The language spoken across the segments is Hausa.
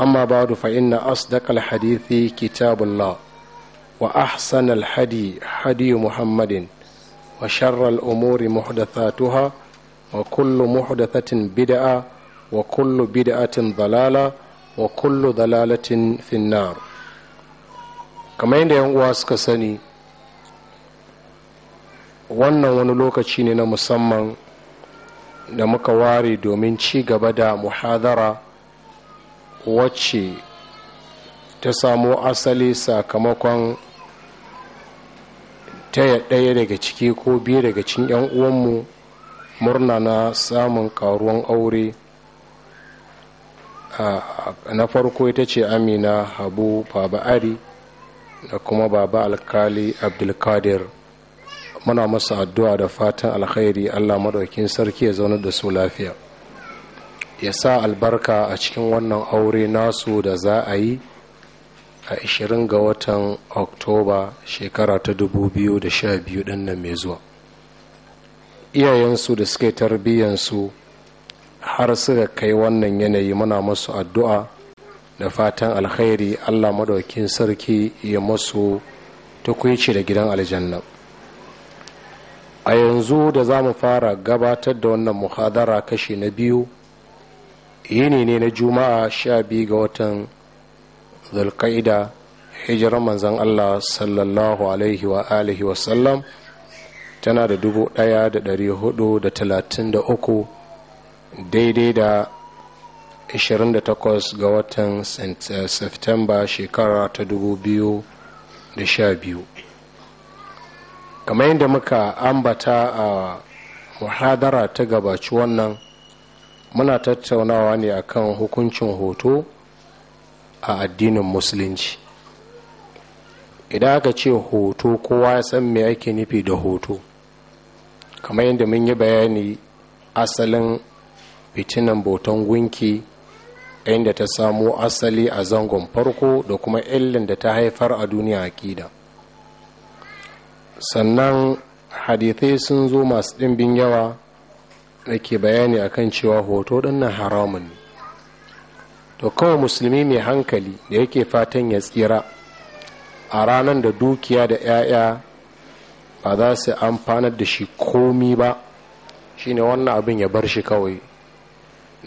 أما بعد فإن أصدق الحديث كتاب الله وأحسن الحدي حدي محمد وشر الأمور محدثاتها وكل محدثة بدعة وكل بدعة ضلالة وكل ضلالة في النار كما عند ينقواس كسني وانا wani lokaci ne na musamman da muka ware domin ci gaba da muhadara wacce ta samo asali sakamakon taya ɗaya daga ciki ko biyu daga cikin 'yan uwanmu murna na samun karuwan aure na farko ita ce amina habu baba ari da kuma baba alkali abdulkadir muna masu addu'a da fatan alkhairi allah maɗaukin sarki ya zaunar da su lafiya ya sa albarka a cikin wannan aure nasu da za a yi a 20 ga watan oktoba shekara ta 2012 din nan mai zuwa iyayensu da suke tarbiyyansu har suka kai wannan yanayi muna masu addu'a da fatan alkhairi allah madaukin sarki ya masu tukwici da gidan aljanna a yanzu da za mu fara gabatar da wannan muhadara kashi na biyu yini ne na juma'a sha biyu ga watan zulkaida hijirar manzan allah sallallahu alaihi wa alihi wasallam tana da dubu daya da dari hudu da talatin da uku daidai da 28 ga watan eh, september shekara ta dubu biyu da sha biyu kamar yadda muka ambata a muhadara ta gabaci wannan muna tattaunawa ne akan hukuncin hoto a addinin musulunci idan aka ce hoto kowa ya san me ake nufi da hoto kamar yadda mun yi bayani asalin fitinan boton gunki inda ta samo asali a zangon farko da kuma illin da ta haifar a duniya akida sannan hadithai sun zo masu ɗimbin yawa ake bayani akan cewa hoto na haramun ne to kawai musulmi mai hankali da yake fatan ya tsira a ranar da dukiya da 'ya'ya ba za su amfanar da shi komi ba shine wannan abin ya bar shi kawai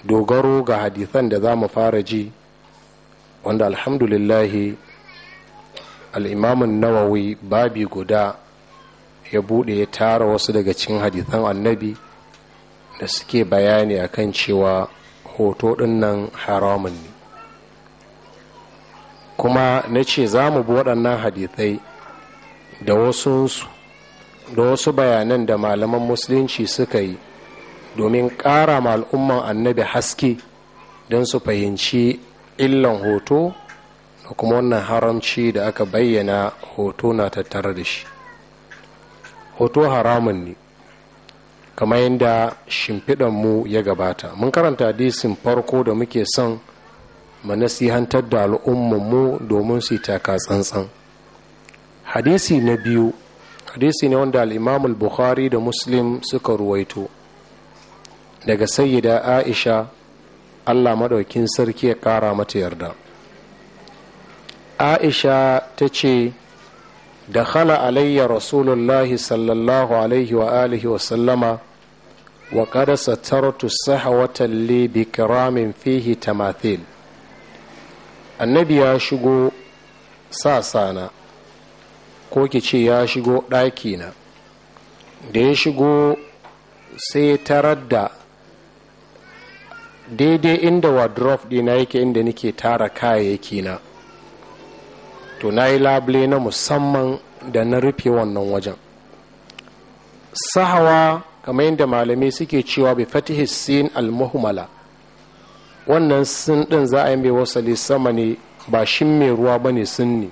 dogaro ga hadithan da za mu fara ji wanda alhamdulillahi al'imamun nawawi babi guda ya bude ya tara wasu daga cikin hadithan annabi da suke bayani akan cewa hoto ɗin nan haramun ne kuma na ce za mu bi waɗannan hadithai da wasu da wasu bayanan da malaman musulunci suka yi domin ƙara ma al'umman annabi haske don su fahimci illan hoto da kuma wannan haramci da aka bayyana hoto na tattare da shi hoto haramun ne kamar yadda shimfiɗanmu ya gabata mun karanta hadisin farko da muke son mu nasihantar da al'ummanmu domin su taka tsantsan hadisi na biyu hadisi ne wanda al'imamul bukhari da muslim suka ruwaito daga sayyida aisha allah maɗaukin sarki ya ƙara mata yarda aisha ta ce da khala alayya rasulullahi sallallahu alaihi wa alihi wa sallama wa kada satartu saha li bi kiramin fihi tamathil annabi ya shigo sa sana ko ki ce ya shigo ɗaki na da ya shigo sai tarar da daidai inda wardrobe ɗina yake inda nake tara kayayyaki na to na yi labule na musamman da na rufe wannan wajen sahawa kamar yadda malamai suke cewa bi fatihi sin almuhmala wannan sin din za a yi mai wasali sama ne ba shi mai ruwa ba ne sin ne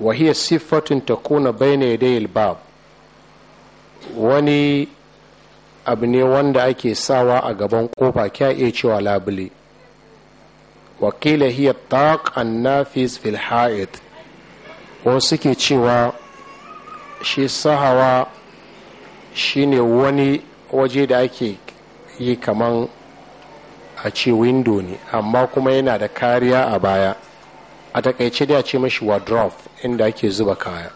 wahiyar siffatin ta kona ya yadayil bab wani abu ne wanda ake sawa a gaban kofa kya iya cewa labule wakila hiya taq an nafis fil ha'id wasu suke cewa shi sahawa shine wani waje da ake yi kaman a ce window ne amma kuma yana da kariya a baya a takaice da ce mashi wardrobe inda ake zuba kaya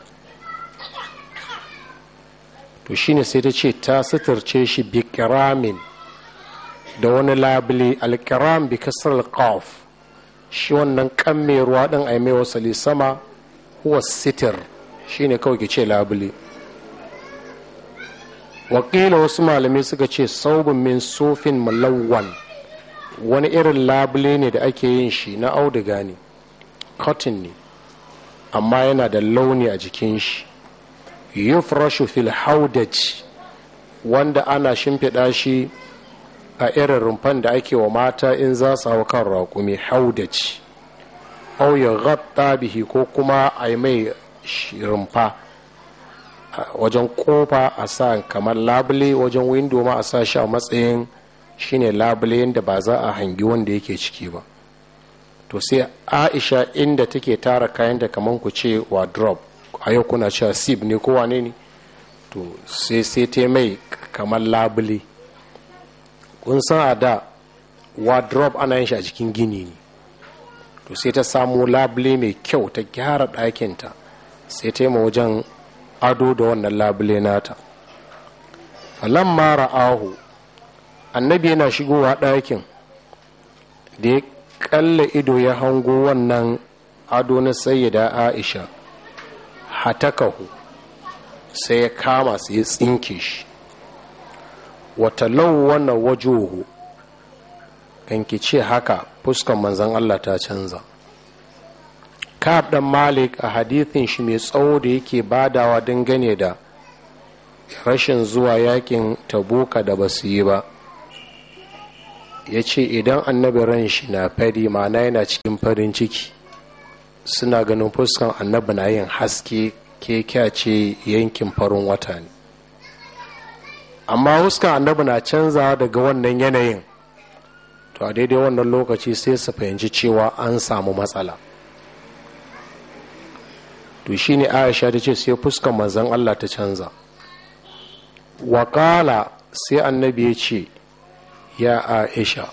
to shine sai ta ce ta suturce shi bikiramin da wani labule alkiram bi kasar alkaf shi wannan kan mai ruwa din a mai wasali sama huwa sitir shine kawai ke ce labule wakila wasu malamai suka ce saubin min sofin malawwan wani irin labule ne da ake yin shi na auduga ne cotton ne amma yana da launi a jikin shi yufrashu fil haudaj wanda ana shimfiɗa shi a irin rumfan da ake wa mata in za su hau kan raƙumi haudaj au ya bihi ko kuma a mai rumfa wajen kofa a sa kamar labule wajen windo ma a sa shi a matsayin shine labule yadda ba za a hangi wanda yake ciki ba to sai aisha inda take tara kayan da kamar ku ce wardrobe a yau kuna cewa sib ne ko wane ne to sai sai ta mai kamar labule kun san a da wardrobe ana yin shi a cikin gini ne to sai ta samu labule mai kyau ta gyara ɗakinta sai ta yi ma wajen ado da wannan labule nata mara ahu annabi yana shigowa ɗakin da ya kalla ido ya hango wannan ado na sayyida aisha hatakahu sai ya kama sai ya tsinke shi wata lauwana wajohu kan ke ce haka fuskan manzan allah ta canza kab dan malik a hadithin shi mai tsawo da yake badawa dangane da rashin zuwa yakin tabuka da ba su yi ba ya ce idan annabi ran shi na fari ma'ana yana cikin farin ciki suna ganin fuskan annabi na yin haske ke ce yankin farin wata ne amma fuskan annabi na canza daga wannan yanayin to a daidai wannan lokaci sai su fahimci cewa an samu matsala to shine aisha ta ce sai fuskan manzan allah ta canza wakala sai annabi ya ce ya aisha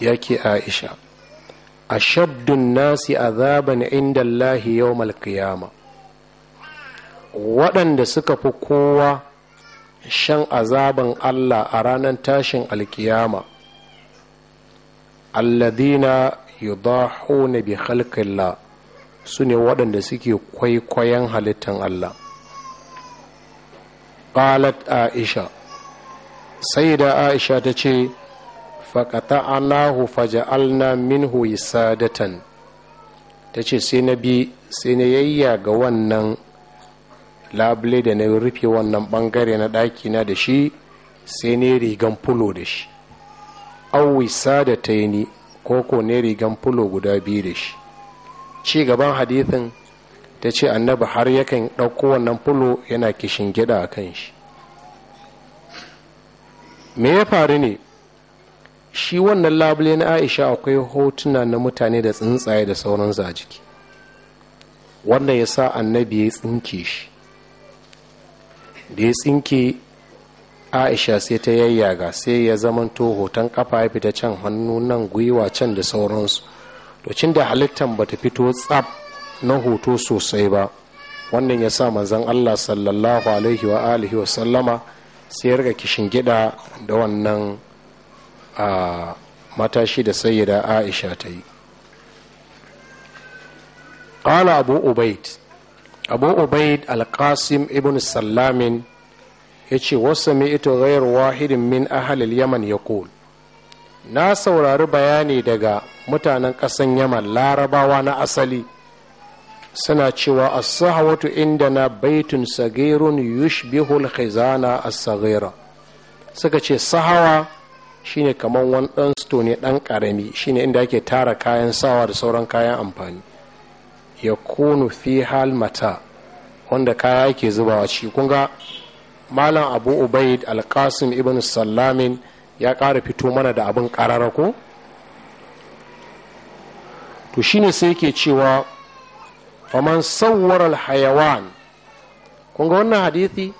ya ke aisha A shabdun nasi azaban inda lahi yau malkiyama waɗanda suka fi kowa shan azaban allah a ranar tashin alkiyama alladina yudahuna bi khalqillah su ne waɗanda suke kwaikwayon halittan Allah qalat aisha sai da aisha ta ce faƙata anahu faja'alna minhu sadatan ta ce sai na bi sai na yayya ga wannan labule da na rufe wannan bangare na ɗakina da shi sai ne rigan fulo da shi awisa da ta ni ko ne rigan fulo guda biyu da shi ci gaban hadithin ta ce annabi har yakan ɗauko wannan fulo yana kishin gida a kan shi me ya faru ne shi wannan labule na aisha akwai hotuna na mutane da tsuntsaye da sauran a jiki wanda ya sa annabi ya tsinke shi da ya tsinke aisha sai ta yayyaga sai ya zamanto hoton kafa ya fita can hannu nan gwiwa can da sauransu to da da halittan bata fito tsab na hoto sosai ba wannan ya sa manzan allah sallallahu alaihi wa alihi wa sallama sai rika kishin gida da wannan a matashi da sayyida aisha ta yi abu ubaid أبو ibn أبو ya ce wasu mai ito gayar wahidin min ahalil yaman ya يقول na saurari bayani daga mutanen ƙasan yaman larabawa na asali suna cewa as inda na baitun sagirun yushbihul khizana as sagira suka ce sahawa shine kamar wani ɗan stone ne ɗan ƙarami shine inda ake tara kayan sawa da sauran kayan amfani ya kunu fi mata wanda kaya yake zubawa ci kunga malam abu ubaid alkasim ibn sallamin ya ƙara fito mana da abin ƙarara ko to shine sai ke cewa faman sauwar hayawan kunga wannan hadithi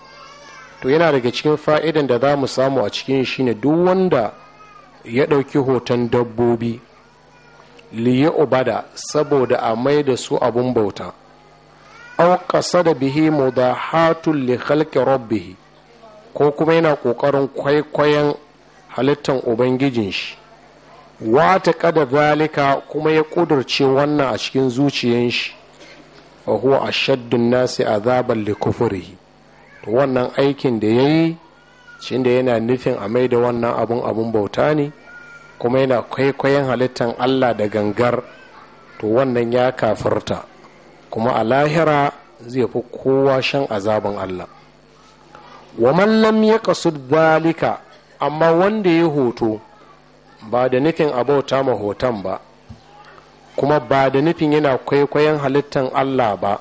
to yana daga cikin fa'idan da za mu samu a cikin shi ne duk wanda ya ɗauki hoton dabbobi liya ubada saboda a mai da su abun bauta au ƙasa da bihi mu mudahatun li khalqi ko kuma yana ƙoƙarin kwaikwayon halittan ubangijin shi wata kada zalika kuma ya kudurce wannan a cikin zuciyan shi a huwa shaddun nasi azaban likufuri to wannan aikin da ya yayi da yana nufin a mai da wannan abun abun bauta ne kuma yana kwaikwayon halittan Allah da gangar to wannan ya kafirta kuma a lahira zai fi kowa shan azabin Allah wa man lam yaqsud zalika amma wanda ya hoto ba da nufin abauta ma hoton ba kuma ba da nufin yana kwaikwayon halittar allah ba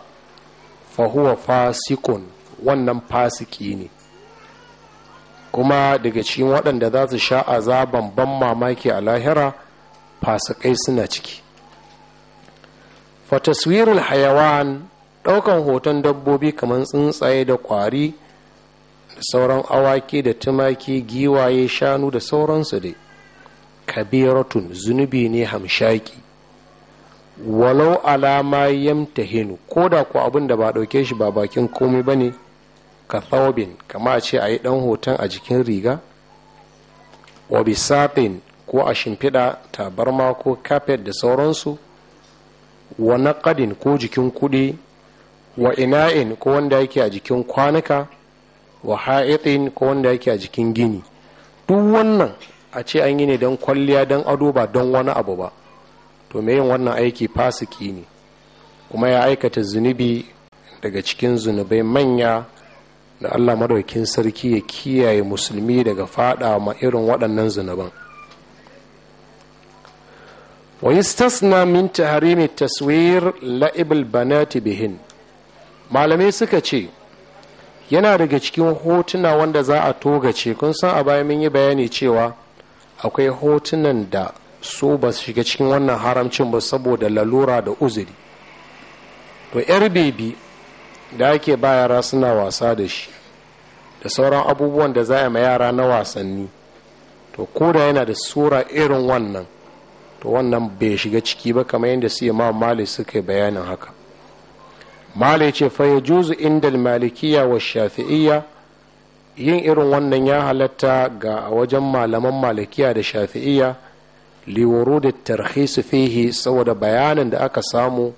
fahuwa fasikun wannan fasiki ne kuma daga cikin waɗanda za su sha azaban ban mamaki a lahira fasikai suna ciki Fataswirin hayawan ɗaukan hoton dabbobi kamar tsuntsaye da ƙwari sauran awaki da tumaki giwaye shanu da sauransu dai kabiratun zunubi ne hamshaki walau alama yamta hinu ko da ku abin da ba ɗauke shi ba bakin komai ba ne ka thawbin kama a ce a yi ɗan hoton a jikin riga wa ko a shimfiɗa tabarma ko kafet da sauransu wa naƙadin ko jikin kuɗi wa ina'in ko wanda yake a jikin kwanuka wa ha'itin ko wanda yake a jikin gini duk wannan a ce an yi ne don kwalliya don ado ba don wani abu ba to me yin wannan aiki fasiki ne kuma ya aikata zunubi daga cikin zunubai manya da allah madaukin sarki ya kiyaye musulmi daga fada ma irin waɗannan zunuban wa yastasna min tahrimi taswir la'ibul banati bihin malamai suka ce yana daga cikin hotuna wanda za a togace kun san a bayan mun yi bayani cewa akwai hotunan da su ba su shiga cikin wannan haramcin ba saboda lalura da uzuri to yar bebi da ake ba yara suna wasa da shi da sauran abubuwan da za a ma yara na wasanni to koda yana da sura irin wannan to wannan bai shiga ciki ba kamar yadda su yi mali suka bayanin haka malai ce fa ya juzu inda malikiya wa shafi'iyya yin irin wannan ya halatta ga wajen malaman malikiya da shafi'iyya liworo da su fihi saboda bayanin da aka samu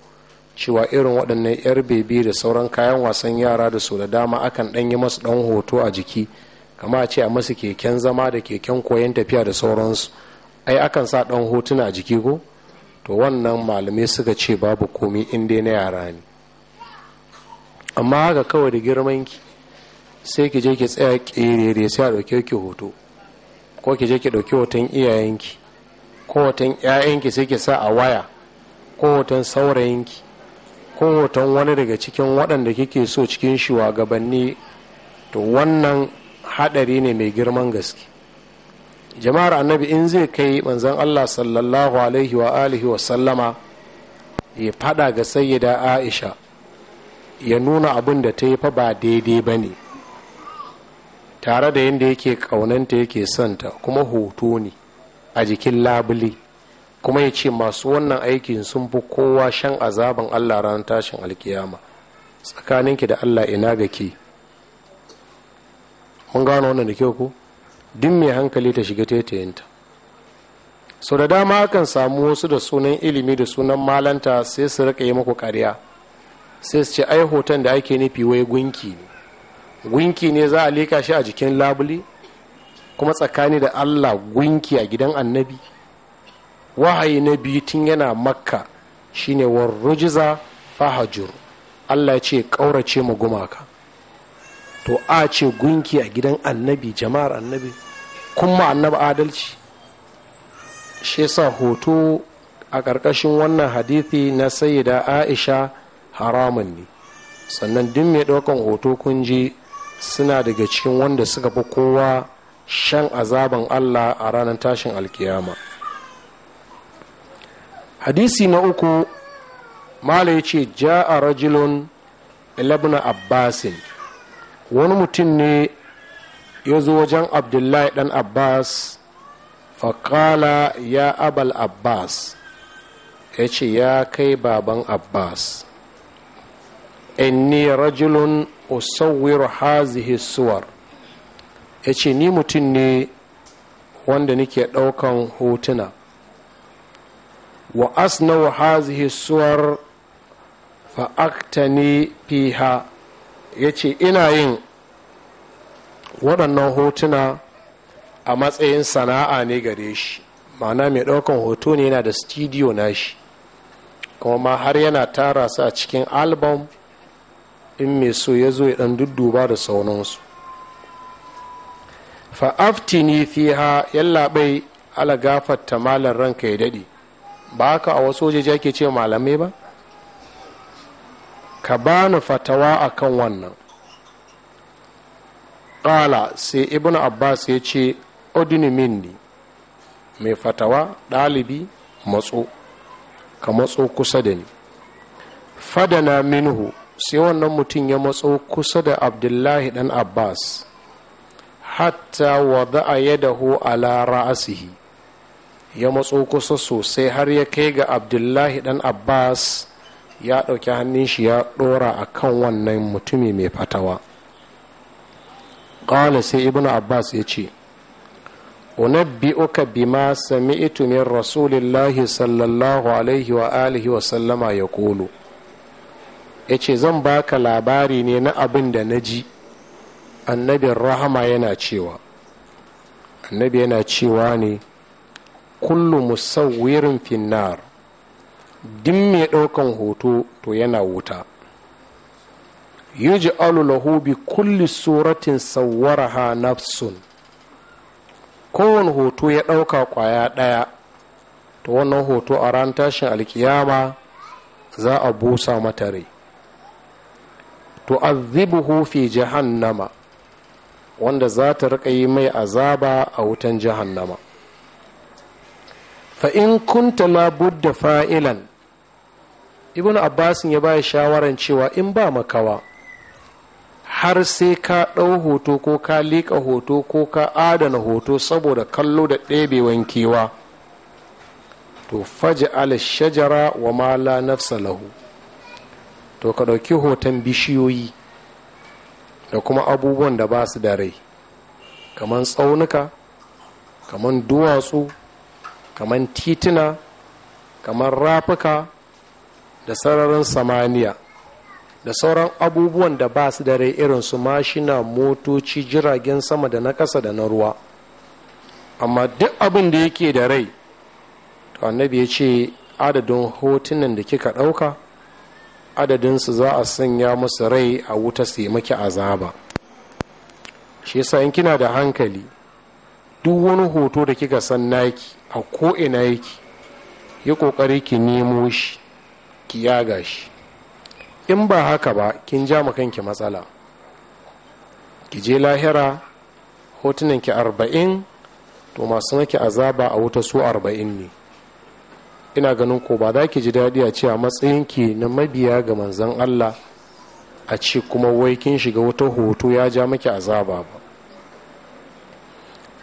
cewa irin waɗannan yar bebi da sauran kayan wasan yara da su da dama akan ɗan yi masu ɗan hoto a jiki kama ce a masu keken zama da keken koyon tafiya da sauransu ai akan sa ɗan hotuna a jiki ko to wannan malamai suka ce babu komi in dai na yara ne amma haka kawai da girman ki sai ki je ki tsaya kerere sai a dauke ki hoto ko ki je ki ɗauki hoton iyayenki ko hoton ki sai ki sa a waya ko hoton saurayinki ko hoton wani daga cikin waɗanda kike so cikin shugabanni to wannan haɗari ne mai girman gaske jama'ar annabi in zai kai manzon allah sallallahu alaihi wa alihi wa sallama ya faɗa ga sayyida aisha ya nuna abin da ta yi fa ba daidai ba ne tare da yadda yake ƙaunanta yake santa kuma hoto ne a jikin labule kuma ya ce masu wannan aikin sun fi kowa shan azaban allah ranar tashin alkiyama tsakaninki da allah ina ga ke mun gano wannan da kyau ko duk mai hankali ta shiga tetayinta sau da dama akan samu wasu da sunan ilimi da sunan malanta sai su rika yi maku karya sai su ce ai hoton da ake nufi wai gunki ne gunki ne za a leka shi a jikin labule kuma tsakani da allah gunki a gidan annabi wahayi na biyu tun yana makka shine warrujiza fahajur allah ya ce ƙaurace mu gumaka to a ce gunki a gidan annabi jama'ar annabi kuma annabi adalci shi sa hoto a ƙarƙashin wannan hadithi na sayida aisha haramun ne sannan duk mai ɗaukan hoto kun ji suna daga cikin wanda suka fi kowa shan azaban allah a ranar tashin alkiyama hadisi na uku mala ya ce ja a rajilun ilabna abbasin wani mutum ne ya zo wajen abdullahi dan abbas faƙala ya abal abbas ya ce ya kai baban abbas inni rajulun usawwiru hazihi suwar ya ce ni mutum ne wanda nake ɗaukan hotuna wa na hazihi suwar fa'aktani fiha ya ce ina yin waɗannan hotuna a matsayin sana'a ne gare shi ma'ana mai ɗaukan hoto ne yana da studio na shi kuma har yana tara su a cikin album in mai so ya zo ya ɗan dudduba da saunansu fa'aftini fiha yallaɓai ala gafarta malar ranka ya daɗe ba ka a wasu wajen ake ce malamai ba ka bani fatawa a kan wannan ƙala sai ibn abbas ya ce odini minni mai fatawa ɗalibi matso ka matso kusa da ni fadana minhu sai wannan mutum ya matso kusa da abdullahi dan abbas hatta wada a yadahu ala ra'asihi ya matso kusa sosai har ya kai ga abdullahi dan abbas ya ɗauki hannun shi ya ɗora a kan wannan mutumi mai fatawa ƙala sai ibn abbas ya ce unabbi'uka bima sami'tu min rasulillahi sallallahu alaihi wa alihi wa sallama ya kolo ya ce zan baka labari ne na abin da na ji annabin rahama yana cewa annabi yana cewa ne kullum musawwirin finnar din mai ɗaukan hoto to yana wuta yuji lahu bi kulli suratin sawwaraha nafsun kowane hoto ya ɗauka ƙwaya ɗaya ta wannan hoto a ran tashin alkiyama za a busa mata rai tu'azzibuhu fi jahannama wanda za ta riƙa yi mai azaba a wutan jahannama fa in kunta labudda fa'ilan ibn abbasin ya baya shawaran cewa in ba makawa har sai ka ɗau hoto ko ka liƙa hoto ko ka adana hoto saboda kallo da ɗebewan kewa to faji ala shajara wa mala nafsa lahu to ka ɗauki hoton bishiyoyi da kuma abubuwan da ba su da rai kamar tsaunuka kamar duwatsu kamar tituna kamar rafuka da sararin samaniya da sauran abubuwan da ba su da rai irin su mashina motoci jiragen sama da na ƙasa da na ruwa amma duk abin da yake da rai to annabi ya ce adadin hotunan da kika ɗauka adadinsu za a sanya musu rai a wuta su maki azaba shi yasa in kina da hankali duk wani hoto da kika san naki a ko'ina yake yi kokari ki nemo shi ki yaga shi in ba haka ba kin ja ma kanki matsala ki je lahira hotunan ki arba'in to masu maki azaba a wuta su arba'in ne ina ganin ko ba za ki ji daɗi a ce a matsayinki na mabiya ga manzan allah a ce kuma wai kin shiga wata hoto ya ja maki azaba ba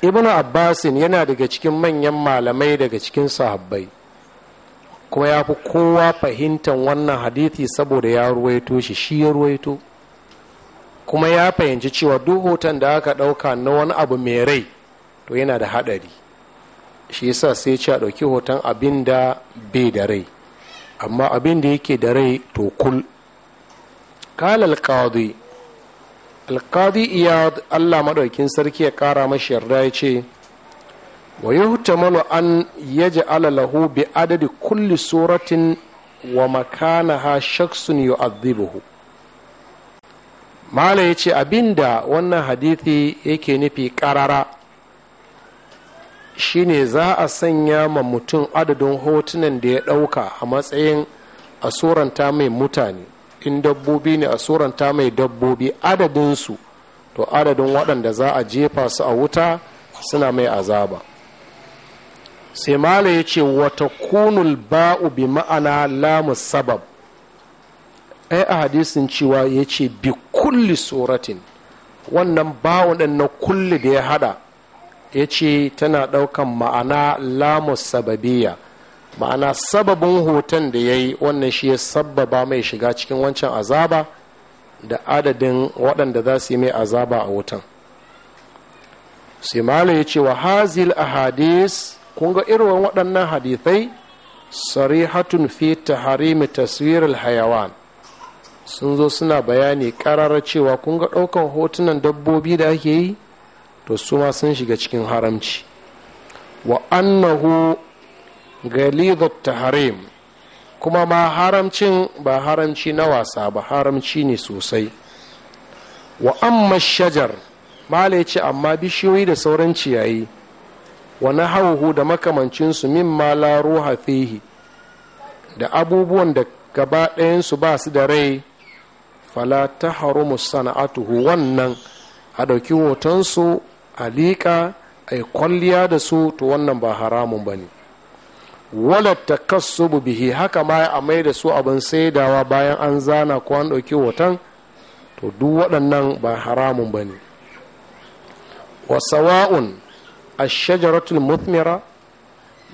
Ibn abbasin yana daga cikin manyan malamai daga cikin sahabbai kuma ya fi kowa fahimtar wannan hadithi saboda ya ruwaito shi shi ya ruwaito kuma ya fahimci cewa duk hoton da aka ɗauka na wani abu mai rai to yana da haɗari shi yasa sai ce a ɗauki hoton abin da bai da rai amma abin da yake da rai to kul kal alqadi alqadi iya Allah maɗaukin sarki ya ƙara mashi yarda ya ce wa yuhtamalu an yaje alalahu bi adadi kulli suratin wa makanaha shaksun yu'adhibuhu mala ya ce abin da wannan hadithi yake nufi karara shine za a sanya ma mutum adadin hotunan da ya ɗauka a matsayin a mai mutane in dabbobi ne a suranta mai dabbobi adadinsu to adadin waɗanda za a jefa su a wuta suna mai azaba sai mala ya ce wata kunul ba'u bi ma'ana lamu sabab ai a hadisin cewa ya ce bi kulli suratin wannan ba'u ɗin na kulli da ya hada ya ce tana ɗaukan ma'ana lamus sababiya ma'ana sababin hoton da ya yi wannan shi ya sababa mai shiga cikin wancan azaba da adadin waɗanda za su yi mai azaba a wutan simala ya ce wa hazil ahadis kun ga irin waɗannan hadithai sarihatun fi taharimi taswirar hayawan sun zo suna bayani ƙararra cewa kun ga ɗaukan hotunan dabbobi da ake yi to su ma sun shiga cikin haramci wa annahu galidat taharim kuma ma haramcin ba haramci na wasa ba haramci ne sosai wa amma shajar mala ce amma bishiyoyi da sauran ciyayi wa na hauhu da makamancinsu min mala ruha fihi da abubuwan da gaba su ba su da rai fala ta harumu sana'atuhu wannan a ɗauki hotonsu a liƙa a kwalliya da su to wannan ba haramun ba ne wala kasu bihi haka ma a mai da su abin saidawa bayan an zana ko an ɗauki hoton to duk waɗannan ba haramun ba ne wasawa'un a shajaratul muthmira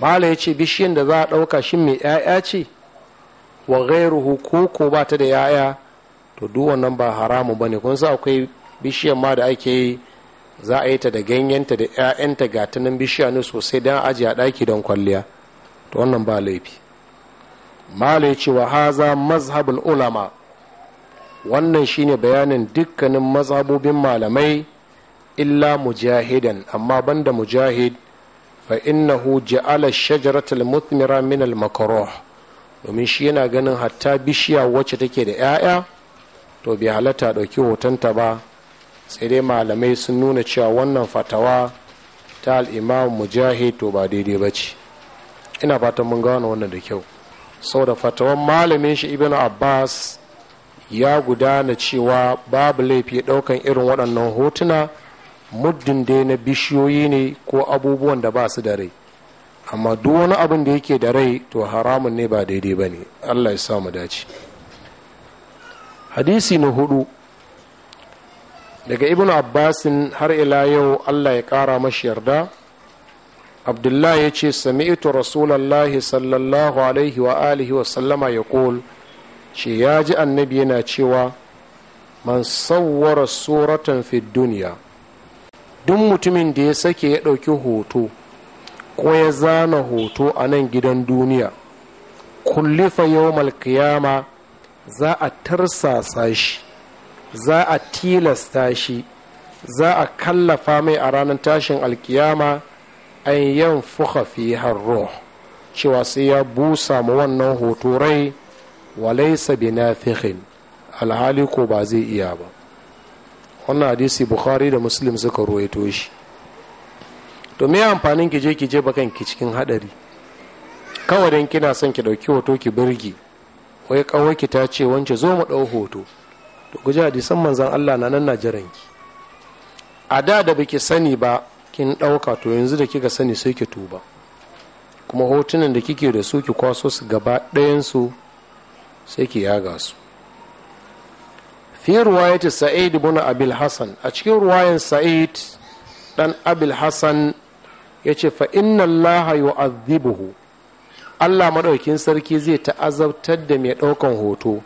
bala ya ce bishiyan da za a ɗauka shi mai 'ya'ya ce wa gairuhu ko ba ta da 'ya'ya to duk wannan ba haramun ba ne kun sa akwai bishiyan ma da ake yi za a yi ta da ganyenta da 'ya'yanta ga ta nan bishiya ne sosai don ajiye a ɗaki don kwalliya to wannan ba laifi malai cewa haza mazhabin ulama wannan shine bayanin dukkanin mazhabobin malamai illa mujahidan amma banda mujahid fa innahu ja'ala shajaratul mutmira min al makruh domin shi yana ganin hatta bishiya wacce take da 'ya'ya to bai halatta ɗauki hotonta ba sai dai malamai sun nuna cewa wannan fatawa ta al'imam mujahid to ba daidai ba ce ina fatan mun gano wannan da kyau saboda fatawan malamin shi ibn abbas ya gudana cewa babu laifi daukan irin waɗannan hotuna muddin dai na bishiyoyi ne ko abubuwan da ba su da rai amma duk wani abin da yake da rai to haramun ne ba daidai ba ne allah ya sa mu dace hadisi na hudu daga ibn abbasin har ila yau allah ya ƙara mashi yarda abdullahi ya ce sami'tu rasulallahi sallallahu alaihi wa alihi wa sallama ya kul ce ya ji annabi yana cewa man sawwara suratan fi duniya duk mutumin da ya sake ya ɗauki hoto ko ya zana hoto a nan gidan duniya kullifa yau malkiyama za a tarsa sashi. za a tilasta shi za a kallafa mai a ranar tashin alkiyama an yan fuka fi harro cewa sai ya busa ma wannan hoto rai walaisa binafihin alhali ko ba zai iya ba wannan hadisi bukhari da muslim suka ruwaito shi to me amfanin ki je ki je bakan ki cikin hadari kawai dan kina son ki dauki hoto ki birge wai kawai ki ta ce wance zo mu dau hoto to guji hadisan manzan Allah na nan na jiranki a da da baki sani ba kin ɗauka to yanzu da kika sani sai ki tuba kuma hotunan da kike da su ki kwaso su gaba ɗayansu sai ki yaga su fi ruwayati sa'id ibn abil hasan a cikin ruwayan sa'id dan abil hasan yace fa inna allah yu'adhibuhu Allah maɗaukin sarki zai ta'azabtar da mai ɗaukan hoto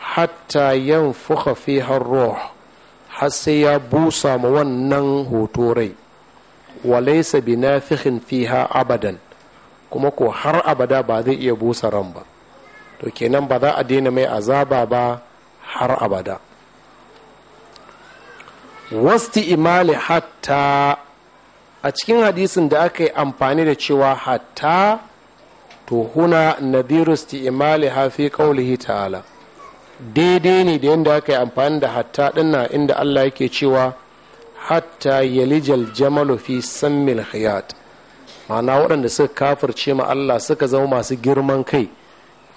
hatta yan fuka fi ruh har sai ya busa ma wannan hoto rai walaisa bi nafihin fiha abadan kuma ko har abada ba zai iya busa ran ba to kenan ba za a daina mai azaba ba har abada wasti imali hatta a cikin hadisin da aka yi amfani da cewa hatta to huna nadiru imali hafi ta'ala daidai ne da yadda aka yi amfani da hatta dinna inda Allah yake cewa hatta yalijal jamalu fi sammil hayat ma'ana waɗanda suka kafirce ma Allah suka zama masu girman kai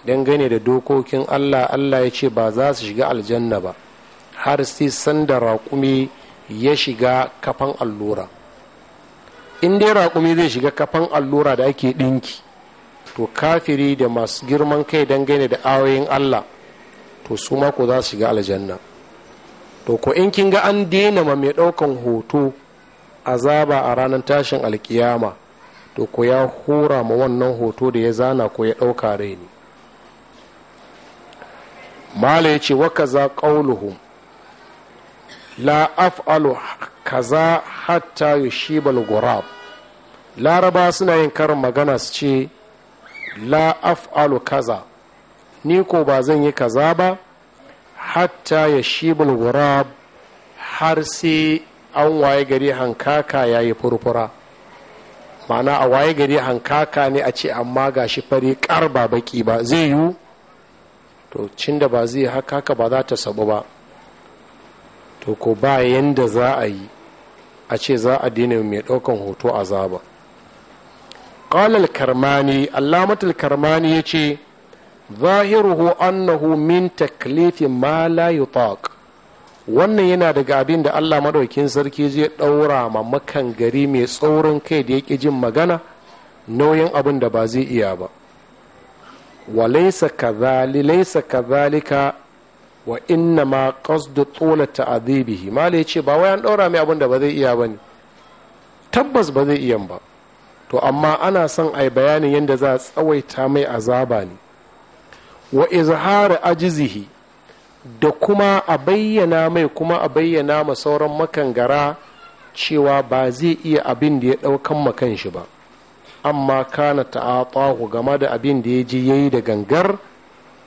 dangane da dokokin Allah Allah ya ce ba za su shiga aljanna ba har sai sanda raƙumi ya shiga kafan allura in dai raƙumi zai shiga kafan allura da ake ɗinki to kafiri da masu girman kai dangane da ayoyin Allah to su ma za su shiga aljanna to ko in kin ga an daina ma mai ɗaukan hoto azaba a ranar tashin alkiyama to ko ya hura ma wannan hoto da ya zana ko ya ɗauka raini. mala ya ce waka za ƙauluhum la af'alu kaza hatta yushibal gurab laraba suna yin karin magana su ce la af'alu kaza ni ko ba zan yi kaza ba hatta ya shi gurab har sai an waye gari hankaka ya yi furfura ma'ana a waye gari hankaka ne a ce amma ga shi fari kar ba baki ba zai yiwu to cin da ba zai haka ba za ta sabu ba to ko ba yadda za a yi a ce za a dina mai ɗaukan hoto a zaba ƙalal karmani allamatul karmani ya ce ظاهره annahu min تكليف ما لا يطاق wannan yana daga abin da Allah madaukin sarki zai ɗaura ma makan gari mai tsaurin kai da yake jin magana nauyin abin da ba zai iya ba wa laysa kazalika laysa kadhalika wa inna ma qasdu tula ta'adhibihi mala yace ba wai an ɗaura mai abin da ba zai iya ba ne tabbas ba zai iya ba to amma ana son ai bayanin yadda za a tsawaita mai azaba ne wa izhari ajizihi da kuma a bayyana mai kuma a bayyana ma sauran makangara cewa ba zai iya abin da ya ɗaukan makan shi ba amma kana ta'atahu game da abin da ya ji yayi da gangar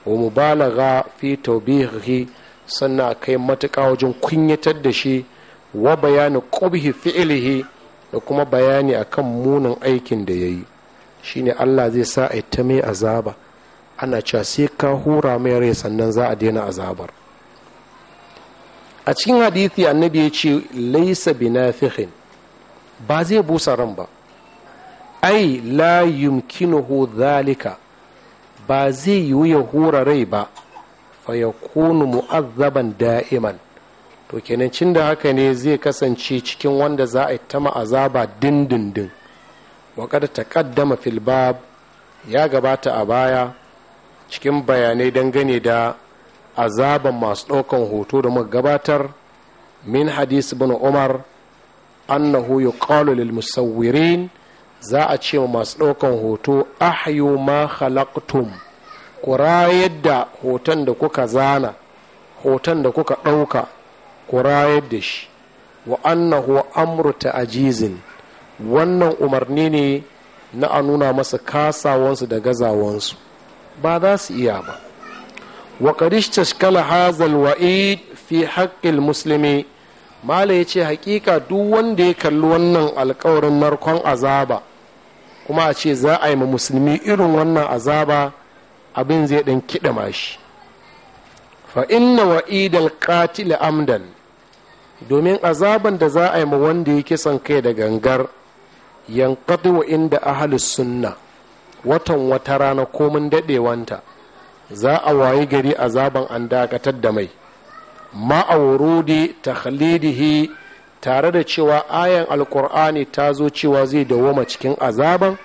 wa mubalagha fi tawbihi sannan kai matuƙa wajen kunyatar da shi wa bayani qubhi fi'lihi da kuma bayani akan munin aikin da yayi shine Allah zai sa a ta mai azaba ana cewa sai ka hura mai rai sannan za a daina azabar a cikin hadithi annabi ya ce laisa binafihin ba zai busa ran ba ai la yumkinuhu zalika ba zai yiwu ya hura rai ba fa ya kunu mu'azzaban da'iman to kenan cin da haka ne zai kasance cikin wanda za a yi ta ma'azaba dindindin ta kaddama filbab ya gabata a baya cikin bayanai dangane da azaban masu ɗaukan hoto da muka gabatar min hadis bin umar annahu yuqalu lil musawirin za a ce masu ɗaukan hoto ahyu ma halaktum ku rayar da hoton da kuka zana hoton da kuka ɗauka ku rayar da shi wa annahu amru ta'ajizin wannan umarni ne na a nuna masa kasawansu da gazawansu ba za su iya ba wa kala hazal wa'id fi haƙƙil musulmi mala ya ce hakika duk wanda ya kalli wannan alkawarin narkon azaba kuma a ce za a yi ma musulmi irin wannan azaba abin zai ɗan kiɗa shi fa inna wa'idal qatil amdan domin azaban da za a yi ma wanda ya kisan kai da gangar yankatu inda ahalus sunna watan wata rana komin daɗewanta za a wayi gari azaban an dakatar da mai ma'aurudi ta khalidihi tare da cewa ayan alkur'ani ta zo cewa zai dawoma cikin azaban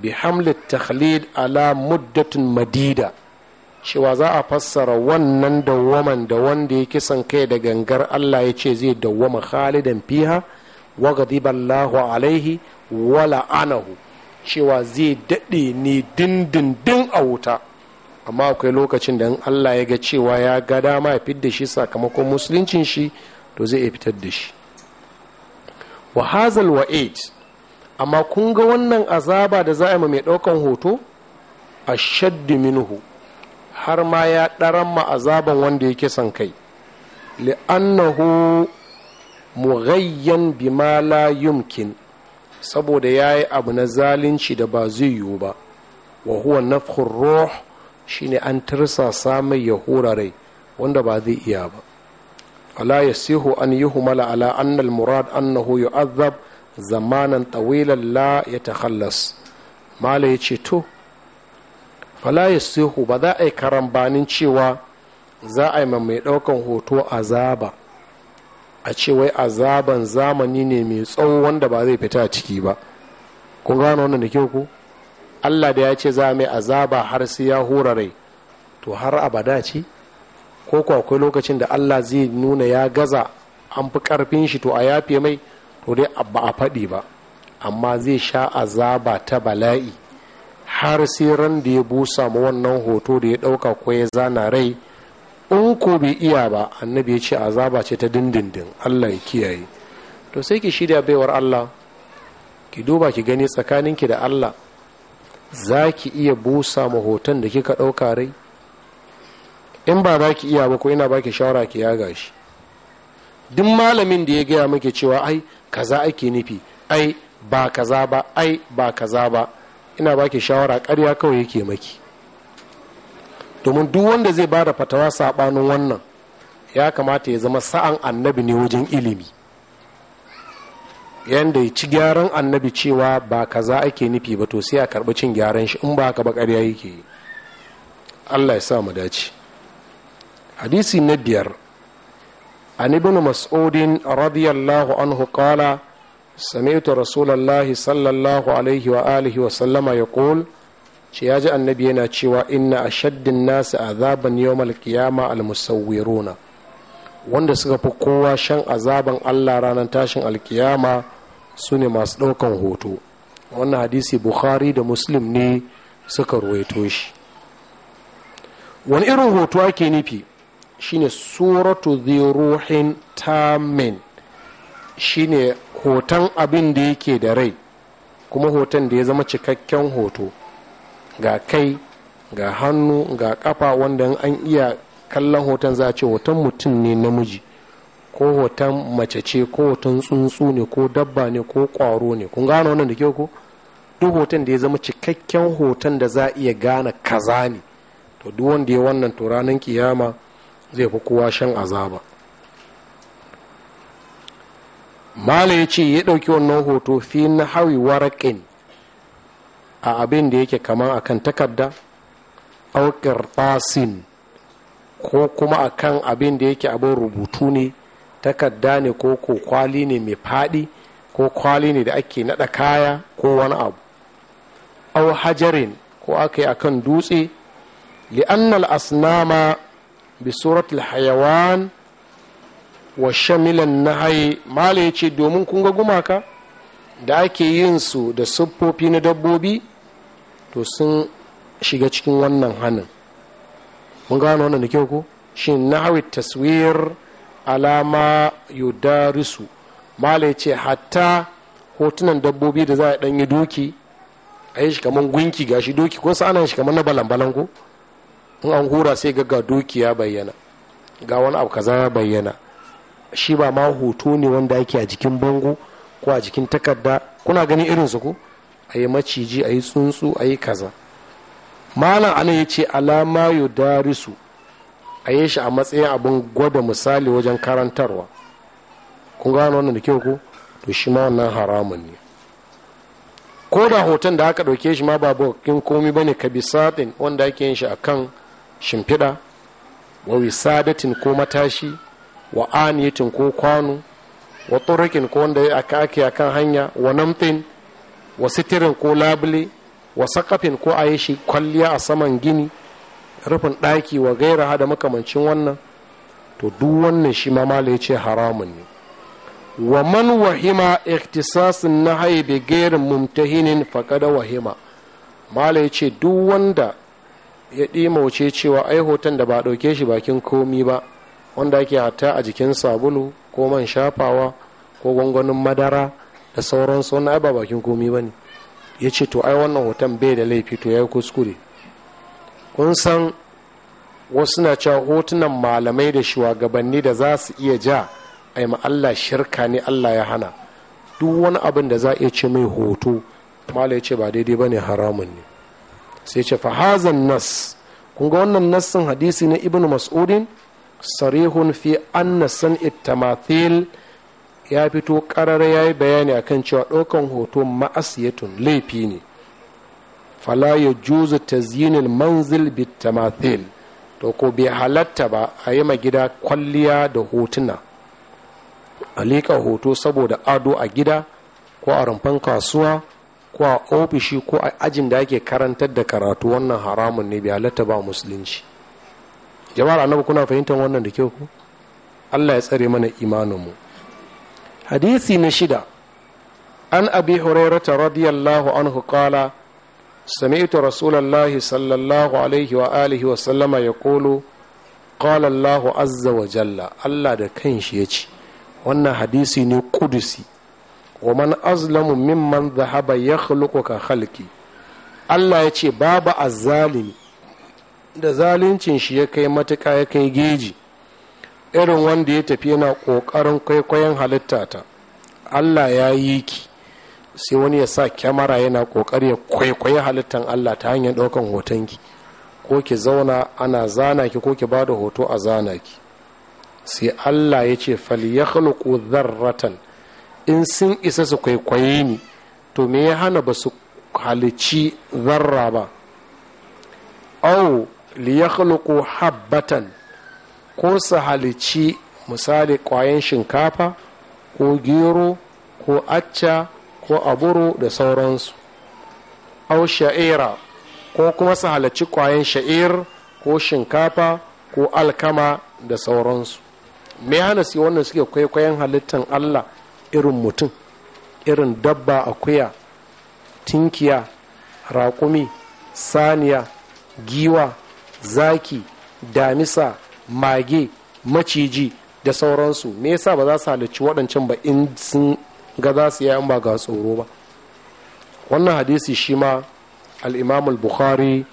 bi hamlet takhlid ala muddatin madida cewa za a fassara wannan dawwaman da wanda ya kisan kai da gangar allah ya ce zai dawwama khalidan fiha wa ghadiballahu alaihi wa la'anahu cewa zai daɗe ne dindindin a wuta amma akwai lokacin da in allah ya ga cewa ya ga dama ya fidda shi sakamakon musuluncin shi to zai iya fitar da shi wa hazal wa amma kun ga wannan azaba da za a yi mai ɗaukan hoto a shaddi minuhu har ma ya ɗaran ma azaban wanda yake son kai li'annahu mughayyan bima la yumkin saboda ya yi abu na zalunci da ba zai yiwu ba wa huwa nafhur ruh shine an tirsasa mai ya hura rai wanda ba zai iya ba fala yasihu an yuhmala ala anna al murad annahu yu'adhab zamanan tawilan la yatakhallas mala yace to fala yasihu ba za a yi karambanin cewa za a yi mai daukan hoto azaba a ce wai azaban zamani ne mai tsawo wanda ba zai fita a ciki ba kun gano wannan da kyau ku allah da ya ce za mai azaba har sai ya hura rai to har abada ce ko ku akwai lokacin da allah zai nuna ya gaza an fi karfin shi to a yafe mai to dai ba a faɗi ba amma zai sha azaba ta bala'i har sai ran da ya busa ma wannan hoto da ya ɗauka ko ya zana rai in ko bai iya ba annabi ya ce azaba ce ta dindindin allah ya kiyaye to sai ki shirya baiwar allah ki duba ki gani tsakaninki da allah za ki iya busa ma hoton da kika ɗauka rai in ba za ki iya ba ko ina ba ki shawara ki yaga shi duk malamin da ya gaya miki cewa ai kaza ake nufi ai ba kaza ba ai ba kaza ba ina ba ki shawara karya kawai yake maki domin duk wanda zai ba da fatawa saɓanin wannan ya kamata ya zama sa'an annabi ne wajen ilimi yadda ya ci gyaran annabi cewa ba kaza ake nufi ba to sai a karɓi cin gyaran shi in ba ka ba ƙarya yake yi allah ya sa mu dace hadisi na biyar an ibn mas'udin radiyallahu anhu qala sami'tu rasulullahi sallallahu alaihi wa alihi wa sallama ce ya ji annabi yana cewa inna a shaddin nasu azaban yawmal qiyama al na wanda suka fi kowa shan azaban Allah ranar tashin alkiyama su ne masu ɗaukan hoto wannan hadisi bukhari da muslim ne suka ruwaito shi wani irin hoto ake nufi shine suratu ruhin tamin shine hoton abin da yake da rai kuma hoton da ya zama cikakken hoto ga kai ga hannu ga kafa wanda an iya kallon hoton za a ce hoton mutum ne namiji ko hoton mace ce ko hoton tsuntsu ne ko dabba ne ko kwaro ne kun gano wannan da ke ko duk hoton da ya zama cikakken hoton da za a iya gane kaza ne to duk wanda ya wannan to ranar kiyama zai fi kowa shan azaba mala ya ce ya ɗauki wannan hoto fi na hawi waraƙin a abin da yake kama akan takarda aukar tasin ko kuma a kan abin da yake abin rubutu ne takarda ne ko ko kwali ne mai faɗi ko kwali ne da ake naɗa kaya ko wani abu au hajarin ko aka yi a kan dutse li'annal asnama bi suratul hayawan wa shamilan nahai mala ya ce domin kun ga gumaka da ake yin su da siffofi na dabbobi to sun shiga cikin wannan hannun mun gano wannan da kyau ko shi nahawi taswir alama yudarisu mala ce hatta hotunan dabbobi da za a ɗanyi doki a yi shi kamar gunki gashi doki ko ana shi kamar na balan-balan ko in an hura sai ga doki ya bayyana ga wani abu kaza ya bayyana shi ba ma hoto ne wanda ake a jikin bango ko a jikin takarda kuna ganin irinsu ko a yi maciji a yi tsuntsu a yi kaza malam ana ya ce alama dari su a yi shi a matsayin abin gwada misali wajen karantarwa kun gano wannan da kyau ko to shi ma wannan haramun ne ko da hoton da aka ɗauke shi ma ba bakin komi ba ne ka bi sadin wanda ake yin shi akan shimfiɗa wa wisadatin ko matashi wa aniyatin ko kwano wa turukin ko wanda ya aka ake kan hanya wa namtin wa sitirin ko labule wa sakafin ko a shi kwalliya a saman gini rufin ɗaki wa gaira hada makamancin wannan to duk wannan shi ma mala ya ce haramun ne wa man wahima ikhtisasin na haibe gairin mumtahinin faƙada wahima mala ya ce duk wanda ya ɗima wuce cewa ai hoton da ba ɗauke shi bakin komi ba wanda ake hata a jikin sabulu ko man shafawa ko gwangwanin madara da sauransu wannan ai ba bakin komi ba ne ya ce to ai wannan hoton bai da laifi to ya yi kuskure kun san wasu na cewa hotunan malamai da shugabanni da za su iya ja a yi Allah shirka ne Allah ya hana duk wani abin da za a iya ce mai hoto mala ya ce ba daidai ba ne haramun ne sai ce fahazan nas kun ga wannan nassin hadisi na ibn mas'udin sarihun fi anna san ya fito karar ya yi bayani a kan cewa ɗaukan hoto ma'asiyatun laifi ne fala ya juzu tazyinil manzil bitamathil to ko bai halatta ba a yi gida kwalliya da hotuna a liƙa hoto saboda ado a gida ko a rumfan kasuwa ko a ofishi ko a ajin da ake karantar da karatu wannan haramun ne bai halatta ba musulunci jama'ar annabi kuna fahimtar wannan da kyau ku Allah ya tsare mana imaninmu hadisi na shida an abi hurairata radiyallahu anhu qala sami'tu rasulallahi sallallahu alaihi wa alihi wa sallama yaqulu qala Allah azza wa jalla Allah da kanshi yace wannan hadisi ne kudusi wa man azlamu mimman dhahaba yakhluqu ka khalqi Allah yace babu azzalimi da zaluncin shi ya kai matuka ya kai geji irin wanda ya tafi yana ƙoƙarin kwaikwayon halitta ta allah ya yi ki sai wani ya sa kyamara yana ƙoƙari ya kwaikwayi halittar allah ta hanyar ɗaukan ki ko ki zauna ana zana ki ko ki bada hoto a zana ki sai allah ya ce falyakhluqu dharratan in sun isa su kwaikwayi ni to me ya hana ba su halici zarra ba au liyakhluqu habbatan ko su halici misali ƙwayen shinkafa ko gero ko acca ko aburo da sauransu au sha'ira ko kuma su halarci kwayan sha'ir ko shinkafa ko alkama da sauransu me hana su wannan suke kwaikwayon halittan allah irin mutum irin dabba akuya tinkiya raƙumi saniya giwa zaki damisa mage maciji da sauransu me yasa ba za su halarci waɗancan ba in sun ga za su yi ba ga tsoro ba wannan hadisi shi ma al'imam bukhari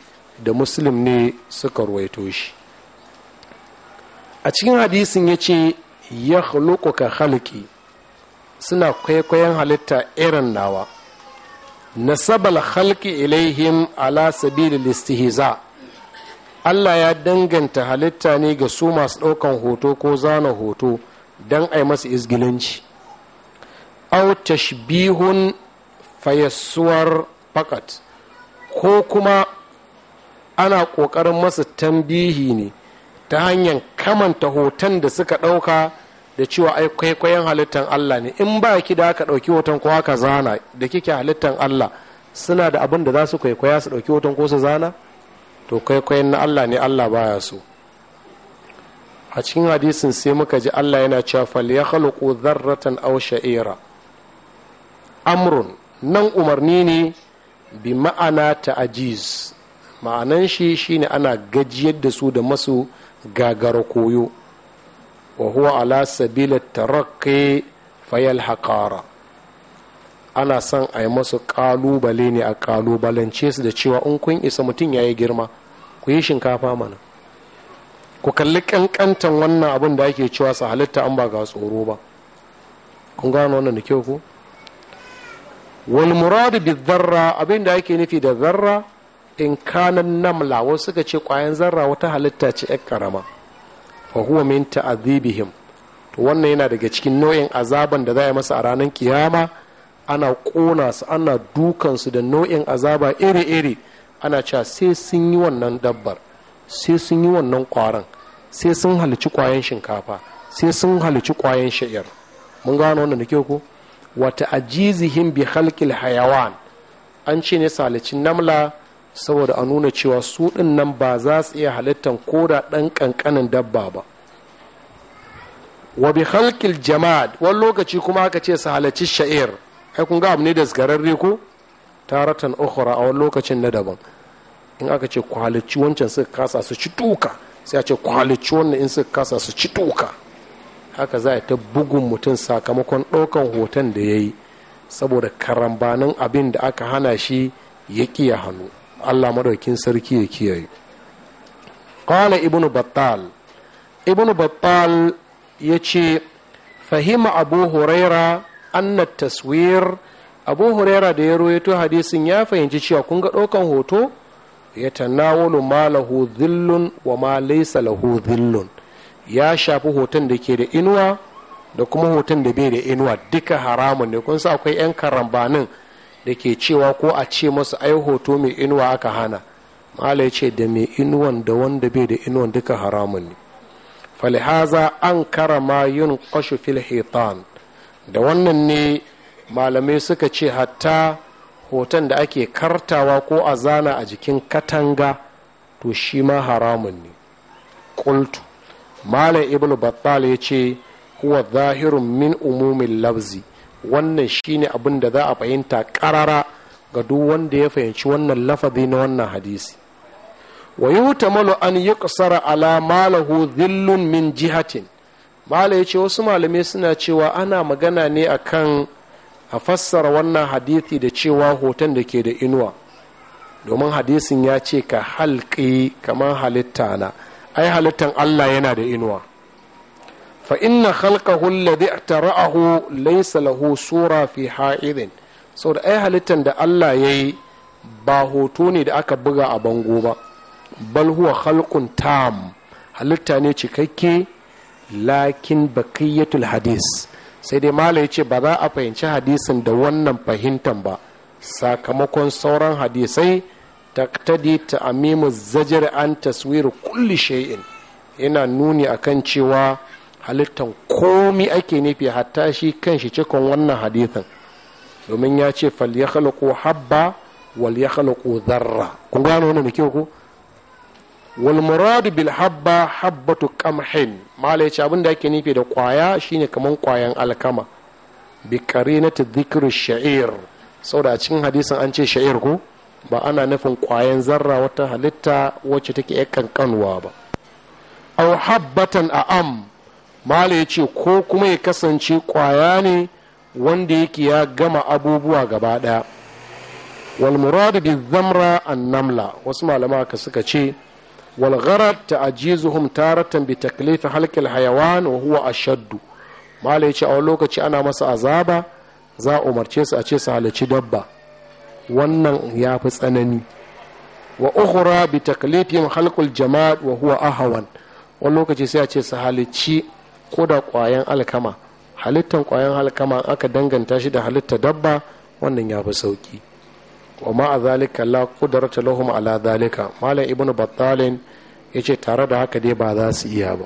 da muslim ne suka ruwaito shi a cikin hadisin ya ce ya ka halki suna kwaikwayon halitta irin nawa nasabal halki ilaihim ala sabili listihiza allah ya danganta halitta ne ga su masu ɗaukan hoto ko zana hoto don a yi masu izgilanci au tashbihun fayassuwar fakat ko kuma ana ƙoƙarin masu tambihi ne ta hanyar kamanta hoton da suka ɗauka da cewa ai kwaikwayon halittar Allah ne in ba ki da aka ɗauki hoton ko aka zana da kike halittar Allah suna da abin da za su kwaikwaya su ɗauki hoton ko su zana to kwaikwayon na allah ne allah baya so a cikin hadisin sai muka ji allah yana cewa falyakhluqu dharratan aw sha'ira amrun nan umarni ne bi ma'ana ta'jiz ma'anan shi shine ana gajiyar da su da masu gagara koyo wa huwa ala sabila tarakki fayal haƙara ana san a yi masu ƙalubale ne a kalubalance su da cewa in kun isa mutum ya yi girma ku yi shinkafa mana ku kalli kankantan wannan abin da ake cewa su halitta an ba ga tsoro ba kun gano wannan da kyau ku wal muradu bi zarra abin da ake nufi da zarra in kanan namla wasu suka ce kwayan zarra wata halitta ce yar karama fa huwa min ta'adhibihim to wannan yana daga cikin nau'in azaban da za a yi masa a ranar kiyama ana kona su ana dukan su da nau'in azaba iri-iri ana cewa sai sun yi wannan dabbar sai sun yi wannan kwaran sai sun halici kwayan shinkafa sai sun halici kwayan sha'ir mun gano wannan da kyau ko wata ajizihim bi halkil hayawan an ce ne salicin namla saboda a nuna cewa su din nan ba za su iya halittan koda ɗan ƙanƙanin dabba ba wa bi halkil jama'ad wani lokaci kuma aka ce su halarci sha'ir ai kun ga abu ne da ko taratan ukhra a wani lokacin na daban in aka ce kwalici wancan suka kasa su ci duka sai a ce kwalici wannan in suka kasa su ci tuka haka za a ta bugun mutum sakamakon ɗaukan hoton da ya yi saboda karambanin abin da aka hana shi ya kiya hannu allah madaukin sarki ya kiyaye qala ibnu battal ibnu battal ya ce fahima abu huraira anna taswir abu huraira da ya royato hadisin ya fahimci cewa kun ga ɗaukan hoto ya tanawalu ma lahu zillun wa ma laisa lahu zillun ya shafi hoton da ke da inuwa da kuma hoton da bai da inuwa duka haramun ne kun sa akwai yan karambanin da ke cewa ko a ce masu ai hoto mai inuwa aka hana mala ce da mai inuwan da wanda bai da inuwan duka haramun ne falihaza an karama yin kwashu fil da wannan ne malamai suka ce hatta hoton da ake kartawa ko a zana a jikin katanga to shi ma haramun ne ƙultu malam ibn battal ya ce huwa zahirun min umumin labzi wannan shine abin da za a fahimta ƙarara ga duk wanda ya fahimci wannan lafazi na wannan hadisi wa yuhtamalu an yuqsara ala malahu dhillun min jihatin Malam ya ce wasu malamai suna cewa ana magana ne akan a fassara wannan hadisi da cewa hoton da ke da inuwa domin hadisin ya ce ka halƙi kamar halitta na ai halittan allah yana da inuwa fa inna khalqahu alladhi tara'ahu laysa lahu sura fi ha'idin saboda ai halittan da allah yayi ba hoto ne da aka buga a bango ba bal huwa khalqun tam halitta ne cikakke lakin baqiyatul hadis sai dai mala ya ce ba za a fahimci hadisin da wannan fahimtan ba sakamakon sauran hadisai taktadi ta amimu zajar an taswiri kulli shay'in yana nuni akan cewa halittan komi ake nufi hatta shi kan shi cikon wannan hadisin domin ya ce fal ya habba wal ya zarra kun gano wannan da kyau ko Walmuradu bil habba habbatu kamhin mala yace abin da ake nufi da kwaya shine kaman kwayan alkama bi qarinati dhikru sha'ir saboda a cikin hadisin an ce sha'ir ko ba ana nufin kwayan zarra wata halitta wacce take yan kankanwa ba aw habbatan a'am mala yace ko kuma ya kasance kwaya ne wanda yake ya gama abubuwa gaba daya walmuradu bi zamra an namla wasu malama ka suka ce wal gharad ta'jizuhum taratan bi taklif halkin al hayawan wa huwa ashaddu mala yace a wani lokaci ana masa azaba za a umarce a ce su halici dabba wannan ya fi tsanani wa ukhra bi taklifihim halkul al jamad wa huwa ahwan wani lokaci sai a ce su halici koda kwayan alkama halittan kwayan alkama aka danganta shi da halitta dabba wannan ya fi sauƙi. wa ma a zalika la kudarta lahum ala zalika malam ibn battalin ya ce tare da haka dai ba za su iya ba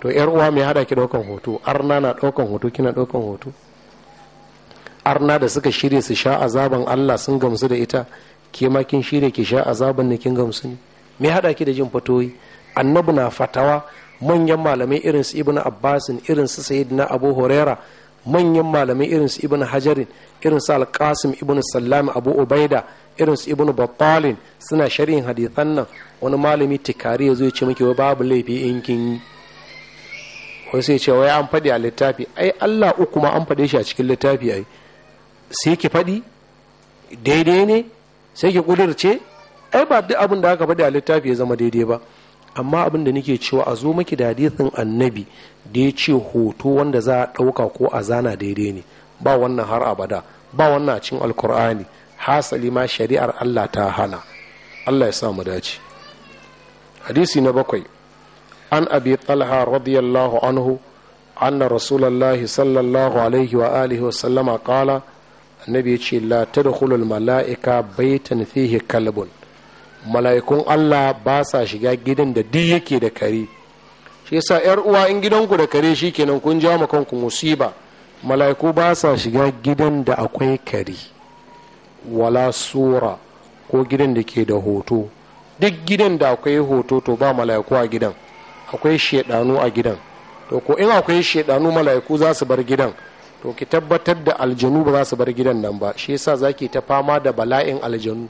to yar uwa mai hada ki daukan hoto arna na daukan hoto kina daukan hoto arna da suka shirya su sha azaban Allah sun gamsu da ita ke ma kin shirya ki sha azaban ne kin gamsu ne me hada ki da jin fatoyi annabi na fatawa manyan malamai irin su ibnu abbasin Irinsu su sayyidina abu huraira manyan malamai irin su ibn hajarin irin su alkasim ibn sallam abu ubaida irin su ibn battalin suna sharhin hadithan nan wani malami tikari ya zo ya ce miki wai babu laifi in kin yi wai sai ce wai an faɗi a littafi ai Allah uku ma an faɗe shi a cikin littafi ai sai ki faɗi daidai ne sai ki kudirce ai ba duk abin da aka faɗi a littafi ya zama daidai ba amma abin da nake cewa a zo maki da hadisin annabi da ya ce hoto wanda za a ɗauka ko a zana daidai ne ba wannan har abada ba wannan a cikin alkur'ani hasali ma shari'ar allah ta hana allah ya sa mu dace hadisi na bakwai an abi talha radiyallahu anhu anna rasulallahi sallallahu alaihi wa alihi wa sallama qala annabi ya ce la tadkhulul mala'ika baitan fihi kalbun mala'ikun Allah ba sa shiga gidan da duk yake da kare shi yasa yar uwa in gidanku da kare shikenan kun ja kanku musiba mala'iku ba sa shiga gidan da akwai kare wala sura ko gidan da ke da hoto duk gidan da akwai hoto to ba mala'iku a gidan akwai shedanu a gidan to ko in akwai shedanu mala'iku za su bar gidan to ki tabbatar da aljanu ba za su bar gidan nan ba shi yasa zaki ta fama da bala'in aljanu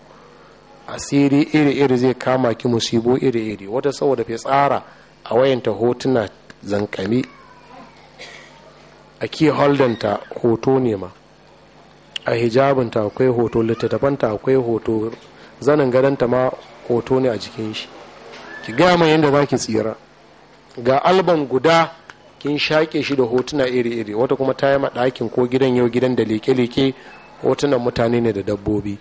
asiri iri-iri zai kama ki musibo iri-iri wata saboda tsara a wayanta hotuna zankami a key holdanta hoto ne ma a hijabinta akwai hoto littattafanta akwai hoto zanin gadonta ma hoto ne a jikin shi ki gaya mai yadda za ki tsira ga alban guda kin shaƙe shi da hotuna iri-iri wata kuma ta yi ɗakin ko gidan yau gidan da leke-leke hotunan mutane ne da dabbobi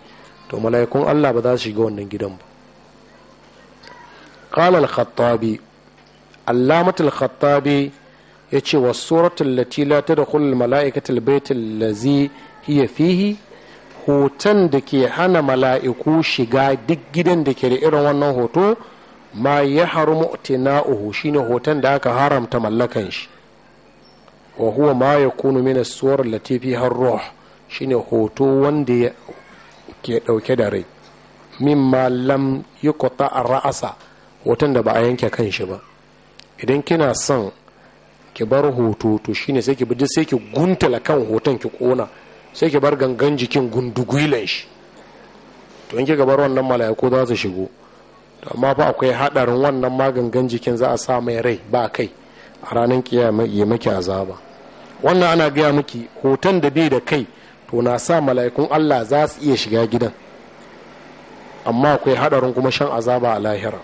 to mala'ikun Allah ba za su shiga wannan gidan ba qala khattabi allamat ya khattabi yace was suratu allati la tadkhul al-mala'ikatu al-bayt fihi hoton da ke hana mala'iku shiga duk gidan da ke da irin wannan hoto ma ya harumu na'uhu shine hoton da aka haramta mallakan shi wa huwa ma ya kunu mina suwar latifi har ruh shine hoto wanda ke ɗauke da rai min malam yi kwata a ra'asa hoton da ba a yanke kan shi ba idan kina son ki bar hoto to shine sai ki bi sai ki guntala kan hoton ki kona sai ki bar gangan jikin gundugulan shi to in kika bar wannan mala'iku za su shigo to amma fa akwai hadarin wannan magangan jikin za a sa mai rai ba kai a ranar kiyama ya maki azaba wannan ana gaya miki hoton da bai da kai to na sa mala'ikun allah za su iya shiga gidan amma akwai hadarin kuma shan azaba a lahira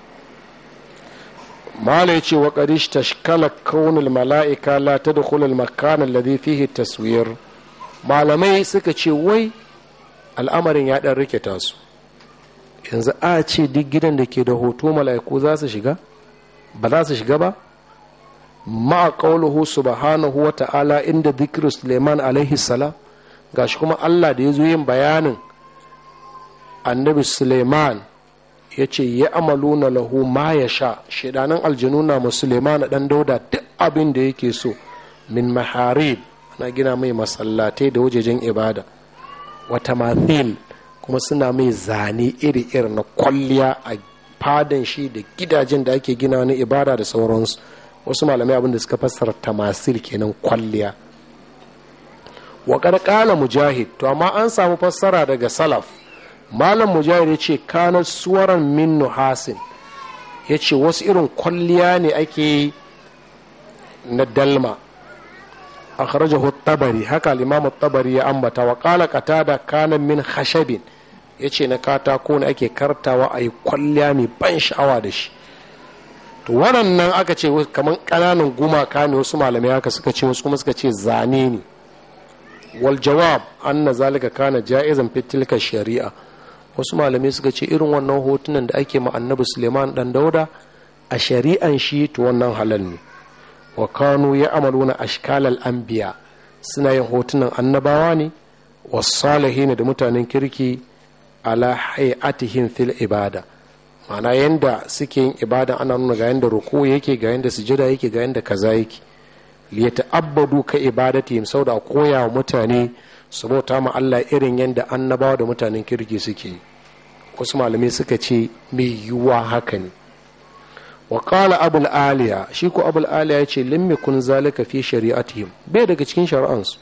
ya ce wa ƙarish tashkala kaunin mala'ika la ta dukulul makanan ladhi fihi taswiyar malamai suka ce wai al'amarin ya ɗan rike su yanzu a ce duk gidan da ke da hoto mala'iku za su shiga ba za su shiga ba ma a ƙaunuhu subhanahu wa ta'ala inda zikiru suleiman alaihi salam gashi kuma allah da ya zo yin bayanin annabi suleiman ya ce ya amalu na lahu ma ya sha shaidanin aljanu na musulman na ɗan dauda duk abin da yake so min maharib na gina mai masallatai da wajejen ibada wata mathil kuma suna mai zane iri-iri na kwalliya a fadan shi da gidajen da ake gina na ibada da sauransu wasu malamai abin da suka fassara tamasil kenan kwalliya wa ƙarƙala mujahid to amma an samu fassara daga salaf malam mujahid ya ce kanar suwaran minnu nuhasin ya ce wasu irin kwalliya ne ake yi na dalma a kharaja tabari haka limamu tabari ya ambata wa ƙala da kana min hashabin ya ce na katako ne ake kartawa a yi kwalliya mai ban sha'awa da shi to waɗannan aka ce kamar ƙananan gumaka ne wasu malamai haka suka ce wasu kuma suka ce zane ne wal jawab anna zalika kana ja'izan fi tilka shari'a wasu malamai suka ce irin wannan hotunan da ake ma annabi suleiman dan dauda a shari'an shi to wannan halal ne wa kanu ya amaluna ashkalal anbiya suna yin hotunan annabawa ne ne da mutanen kirki ala hayatihim fil ibada ma'ana yanda suke yin ibada ana nuna ga yanda ruku yake ga yanda sujada yake ga yanda kaza yake li ta'abbadu ka ibadatihim da koya wa mutane su bauta ma Allah irin yadda annabawa da mutanen kirki suke wasu malamai suka ce mai yiwuwa haka ne wa qala abul aliya shi ko abul aliya ya ce lim yakun zalika fi shari'atihim bai daga cikin shari'ansu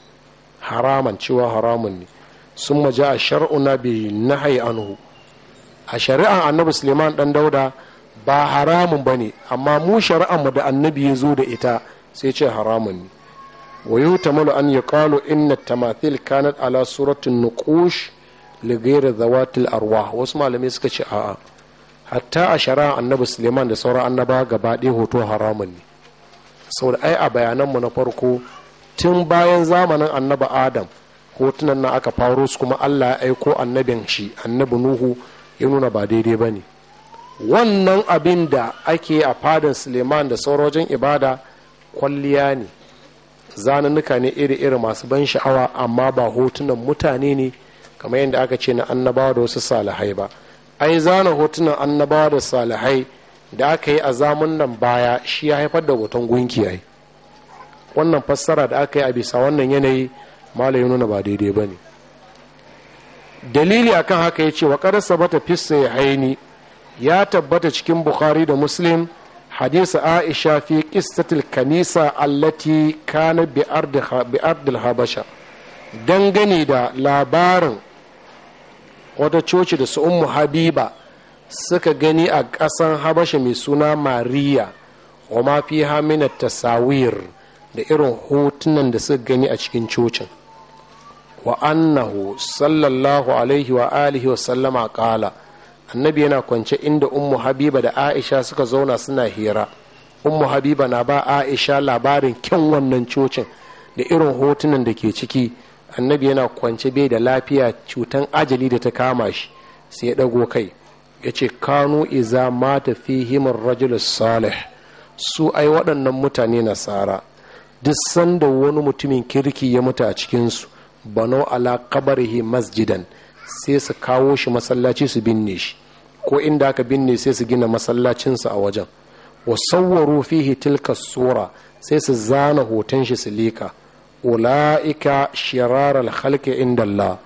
haraman cewa haramun ne sun maja a shar'una bi nahyi anhu a shari'an annabi suleiman dan dauda ba haramun ba ne amma mu shari'an mu da annabi ya zo da ita sai ce haramun ne wa yutamalu an yuqalu inna tamathil kanat ala suratun nuqush li ghairi zawatil arwa wasu malamai suka ce a'a hatta a shari'a annabi suleiman da sauran annaba gaba ɗaya hoto haramun ne da ai a bayananmu na farko tun bayan zamanin annabi adam hotunan na aka faro su kuma allah ya aiko annabin shi annabi nuhu ya nuna ba daidai ba ne wannan abin da ake a fadin suleiman da sauran wajen ibada kwalliya ne zanannuka ne iri-iri masu ban sha'awa amma ba hotunan mutane ne kamar yadda aka ce na annabawa da wasu salihai ba ai zana hotunan annabawa da salihai da aka yi a zamun nan baya shi ya haifar da hoton gunki yi wannan fassara da aka yi a bisa wannan yanayi malayi nuna ba daidai ba ne dalili akan haka ya ce wa karsa bata fissa ya haini ya tabbata cikin bukhari da muslim حديث عائشة في قصة الكنيسة التي كانت بأرض بأرض الحبشة dangane da labarin wata coci da su Umma habiba suka gani a ƙasan habasha mai suna mariya wa ma fi hamina tasawir da irin hotunan da suka gani a cikin cocin wa annahu sallallahu alaihi wa wa sallama ƙala annabi yana kwance inda ummu habiba da aisha suka zauna suna hira ummu habiba na ba aisha labarin kyan wannan cocin da irin hotunan da ke ciki annabi yana kwance bai da lafiya cutan ajali da ta kama shi sai ya ɗago kai ya ce kanu iza mata fi himar rajul salih su ai waɗannan mutane nasara duk sanda wani mutumin kirki ya mutu a cikinsu bano ala kabarihi masjidan sai su kawo shi masallaci su binne shi ko inda aka binne sai su gina masallacinsu a wajen wa sawwaru fihi tilka sura sai su zana hoton shi su lika ula'ika shirarar halke inda Allah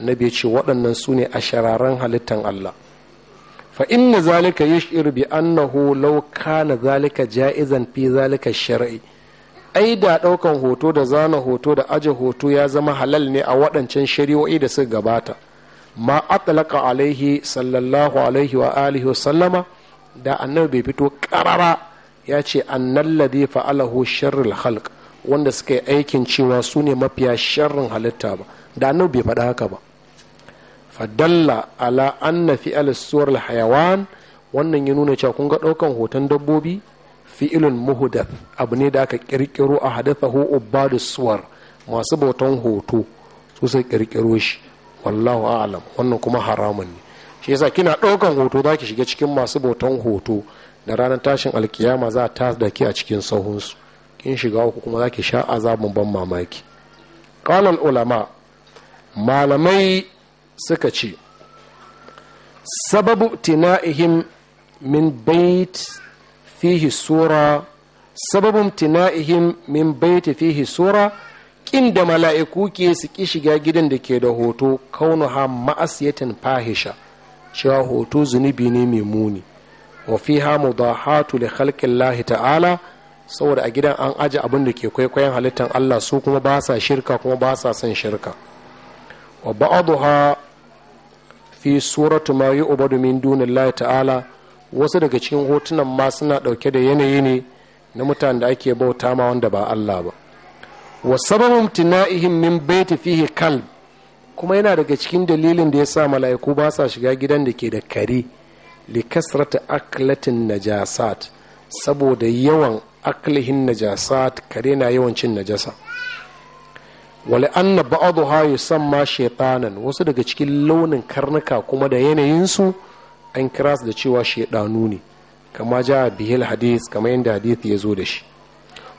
annabi ya ce waɗannan su ne a shararan halittan Allah fa inna zalika yashir bi annahu law kana zalika ja'izan fi zalika shar'i ai da ɗaukan hoto da zana hoto da aje hoto ya zama halal ne a waɗancan shari'o'i da suka gabata ma atlaka alaihi sallallahu alaihi wa alihi wa sallama da annabi bai fito karara ya ce annan ladhi fa'alahu sharrul halk wanda suka yi aikin cewa su ne mafiya sharrin halitta ba da annabi bai faɗa haka ba fadalla ala anna fi'al suwar hayawan wannan ya nuna cewa kun ga ɗaukan hoton dabbobi fi'ilun muhudar abu ne da aka kirkiro a hadathahu da suwar masu bautan hoto su sai kirkiro shi wallahu a'lam wannan kuma haramun ne shi yasa kina ɗaukan hoto za ki shiga cikin masu bautan hoto da ranar tashin alkiyama za ta da ke a cikin sahunsu kin shiga uku kuma za ki sha azabin ban mamaki qalan ulama malamai suka ce sababu tina'ihim min bait fihi sura sababun tina'ihim min bait fihi sura ƙin da mala'iku ke su ƙi shiga gidan da ke da hoto kaunuha ma'asiyatin fahisha cewa hoto zunubi ne mai muni wa fi hatu da halkin lahi ta'ala saboda a gidan an aje abin da ke kwaikwayon halittar Allah su kuma ba sa shirka kuma ba sa son shirka wa ha fi suratu ma yi domin min lahi ta'ala wasu daga cikin hotunan ma suna dauke da yanayi ne na mutanen da ake bauta ma wanda ba Allah ba wa sababu tina'ihim min baiti fihi kalb kuma yana daga cikin dalilin da ya sa mala'iku ba sa shiga gidan da ke da kare li kasrata aklatin najasat saboda yawan aklihin najasat kare na yawan cin najasa wale anna san yusamma shaytanan wasu daga cikin launin karnuka kuma da yanayin su an kira su da cewa shaydanu ne kama ja bihil hadith kamar yanda hadith ya zo da shi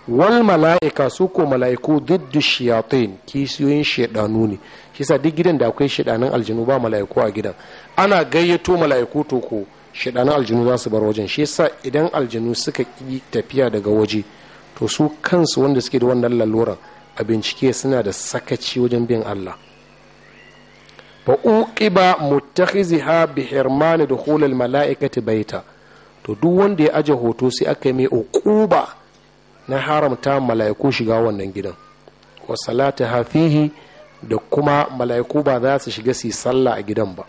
wal mala'ika su ko mala'iku diddu shiyatin kisiyoyin shaidanu ne shi sa duk gidan da akwai shaidanin aljinu ba mala'iku a gidan ana gayyato mala'iku to ko shaidanin aljinu za su bar wajen shi sa idan aljinu suka yi tafiya daga waje to su kansu wanda suke da wannan laluran a bincike suna da sakaci wajen bin Allah ba uqiba muttakhiziha bi hirmani dukhul al mala'ikati baita to duk wanda ya aje hoto sai aka yi mai uquba na haramta mala'iku shiga wannan gidan wa salata hafihi da kuma mala'iku ba za su shiga su sallah a gidan ba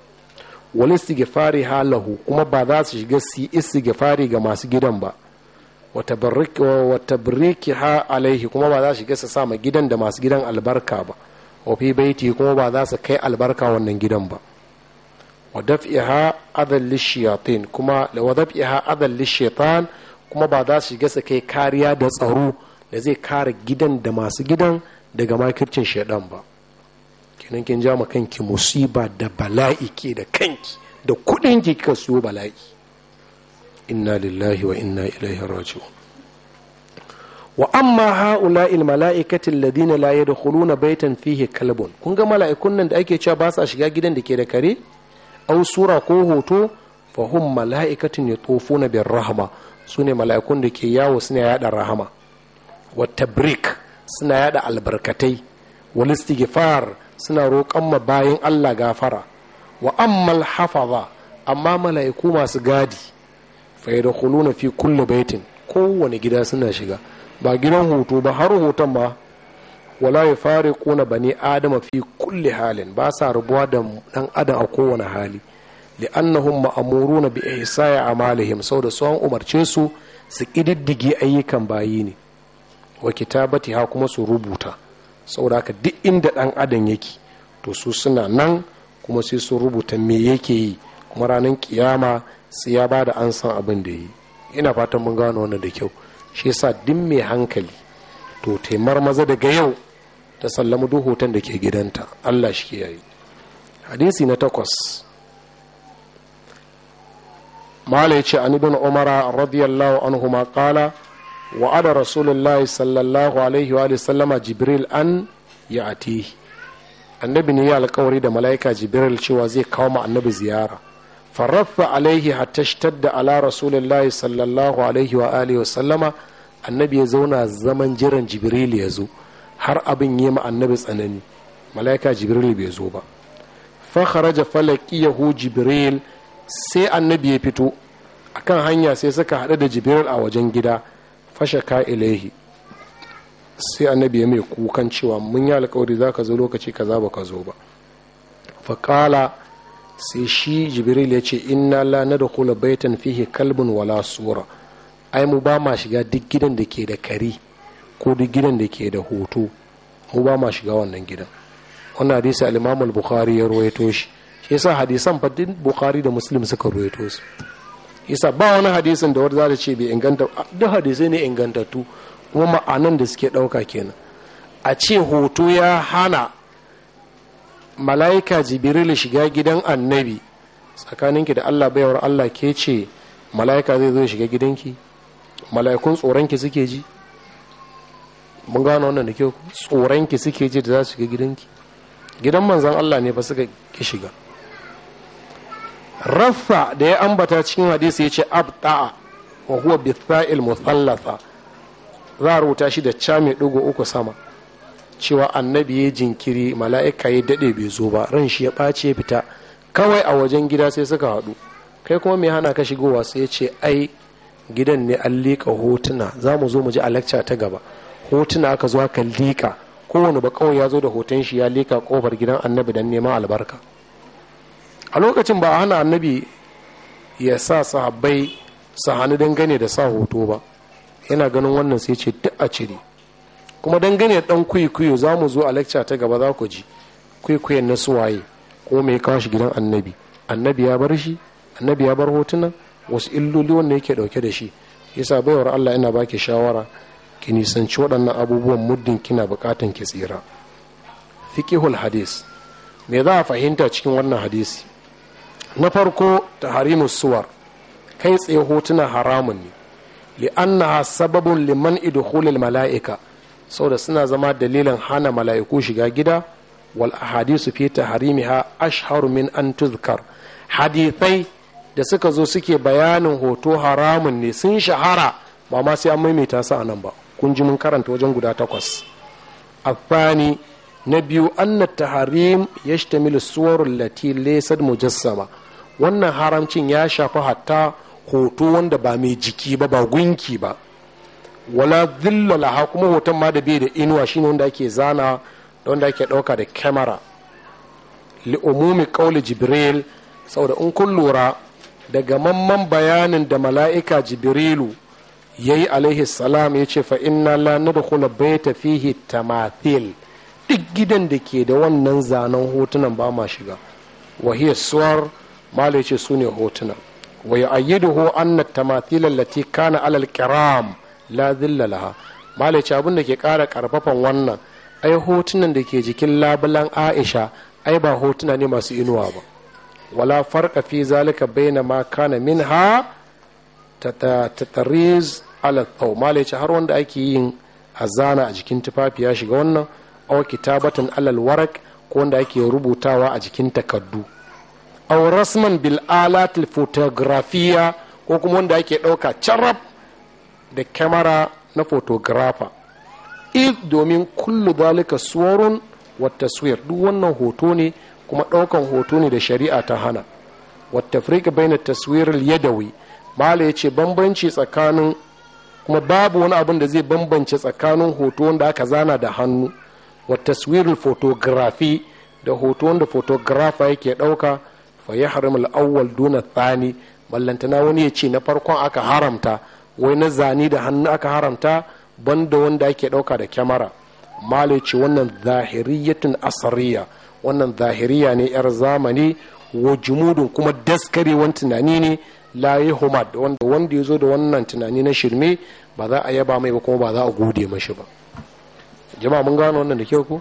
wal istighfari halahu kuma ba za su shiga su istighfari ga masu gidan ba wata ha alaihi kuma ba za su shiga su sa gidan da masu gidan albarka ba wafi baiti kuma ba za su kai albarka wannan gidan ba wa daf'iha adal lishayatin kuma kuma ba za su shiga su kai kariya da tsaro da zai kare gidan da masu gidan daga makircin shaidan ba kenan kin ja kanki musiba da bala'i ke da kanki da kudin ki kika siyo bala'i inna lillahi wa inna ilaihi raji'un wa amma haula il mala'ikati alladhina la yadkhuluna baitan fihi kalbun kun ga mala'ikun nan da ake cewa ba sa shiga gidan da ke da kare au sura ko hoto fa hum mala'ikatun yatufuna bir rahma su ne mala'ikun da ke yawo suna yada rahama wata break suna yada albarkatai wal istighfar suna roƙon ma bayan Allah gafara wa ammal hafaza amma mala'iku masu gadi fa yadkhuluna fi kulli baitin kowane gida suna shiga ba gidan hoto ba har hoton ma wala ya fare kona bani adama fi kulli halin ba sa rubuwa da dan adam a kowane hali da annahum ma'amuruna bi ihsaya amalihim saboda su an umarce su su kididdige ayyukan bayi ne wa kitabati ha kuma su rubuta saboda haka duk inda ɗan adam yake to su suna nan kuma sai su rubuta me yake yi kuma ranar ƙiyama sai ya ba da an san abin da yi ina fatan mun gano wannan da kyau shi sa duk mai hankali to taimar maza daga yau ta sallama duk hoton da ke gidanta allah shi ke yayi hadisi na takwas malai ce an ibn umara radiyallahu anhu ma qala wa ada rasulullahi sallallahu alaihi wa sallama jibril an ya ati annabi ne ya alkawari da malaika jibril cewa zai kawo ma annabi ziyara farrafa alaihi hatta da ala rasulullahi sallallahu alaihi wa alihi wa sallama annabi ya zauna zaman jiran jibril ya zo har abin yi ma annabi tsanani malaika jibril bai zo ba fa kharaja falaqiyahu jibril sai annabi ya fito kan hanya sai suka haɗu da jibril a wajen gida ka ilaihi sai annabi ya mai kukan cewa mun yi alkawari za ka zo lokaci za ba ka zo ba faƙala sai shi jibril ya ce in na lana da kula baitan fihi kalbin wala sura ai mu ba ma shiga duk gidan da ke da kari ko duk gidan da ke da hoto mu ba ma shiga wannan gidan wannan hadisi al-Imam al-Bukhari ya rawaito shi yasa hadisan faddin bukhari da muslim suka ruwaito su yasa ba wani hadisin da wanda za ce bai inganta duk hadisai ne ingantattu kuma ma'anan da suke ɗauka kenan a ce hoto ya hana mala'ika jibril shiga gidan annabi tsakaninki da allah bayawar allah ke ce mala'ika zai zo shiga gidanki mala'ikun tsoronki suke ji mun gano wannan da ke tsoronki suke ji da za su shiga gidanki gidan manzan allah ne ba suka ki shiga raffa da ya ambata cikin hadisi ya ce abta wa huwa bitha'il muthallafa za a rubuta shi da ca mai uku sama cewa annabi ya jinkiri mala'ika ya daɗe bai zo ba ran shi ya ɓace ya fita kawai a wajen gida sai suka haɗu kai kuma mai hana ka shigowa sai ya ce ai gidan ne an liƙa hotuna za mu zo mu ji a lakca ta gaba hotuna aka zo aka liƙa kowane kawai ya zo da hoton shi ya liƙa ƙofar gidan annabi don neman albarka a lokacin ba a hana annabi ya sa sahabbai su hannu dangane da sa hoto ba yana ganin wannan sai ce duk a cire kuma dangane dan kwikwiyo za mu zo a lecture ta gaba za ku ji kwaikwayon na suwaye ko mai kawo shi gidan annabi annabi ya bar shi annabi ya bar hotunan wasu illoli wanda yake dauke da shi yasa baiwar Allah ina baki shawara ki nisanci waɗannan abubuwan muddin kina bukatan ki tsira fiqhul hadis me za a fahimta cikin wannan hadisi na farko ta harimun suwar kai tsaye hotuna haramun ne li'annaha sababun liman idkhulil mala'ika saboda suna zama dalilin hana mala'iku shiga gida wal ahadisu fi ha ashharu min an tuzkar hadithai da suka zo suke bayanin hoto haramun ne sun shahara ba ma sai an maimaita su a nan ba kun ji mun karanta wajen guda takwas afani na biyu anna taharim yashtamilu suwarul lati laysat mujassama wannan haramcin ya shafi hatta hoto wanda ba mai jiki ba ba gunki ba wala ha kuma hoton ma da bai da inuwa shine wanda ake zana da wanda ake ɗauka da kyamara li'umumi ƙaule jibril saboda in kun lura daga mamman bayanin da mala'ika jibrilu ya yi alaihi salam ya ce fa'inna la nadkhula baita fihi tamathil duk gidan da ke da wannan zanen hotunan ba ma shiga wahiyar suwar malai ce su ne hotuna wa yu'ayyiduhu anna tamathil lati kana alal kiram la dhilla laha malai ce abin da ke kara karfafan wannan ai hotunan da ke jikin labulan Aisha ai ba hotuna ne masu inuwa ba wala farka fi zalika baina ma kana minha tatariz ala thau malai ce har wanda ake yin azana a jikin tufafi ya shiga wannan aw kitabatan alal warak ko wanda ake rubutawa a jikin takaddu Aurasman rasman bil alat fotografiya ko kuma wanda ake ɗauka carab da kyamara na fotografa id domin kullu dalika suwarun wa taswir duk wannan hoto ne kuma ɗaukan hoto ne da shari'a ta hana wa tafriq baina taswir yadawi mala yace bambanci tsakanin kuma babu wani abin da zai bambance tsakanin hoto wanda aka zana da hannu wa taswirul photography da hoto wanda photographer yake ɗauka fa ya harimul awwal duna tsani ballantana wani ya ce na farkon aka haramta wai na zani da hannu aka haramta banda wanda ake ɗauka da kyamara malai ce wannan zahiriyatun asariya wannan zahiriya ne yar zamani wa jumudun kuma daskarewan tunani ne la humad wanda wanda ya zo da wannan tunani na shirme ba za a yaba mai ba kuma ba za a gode mashi ba jama'a mun gano wannan da kyau ku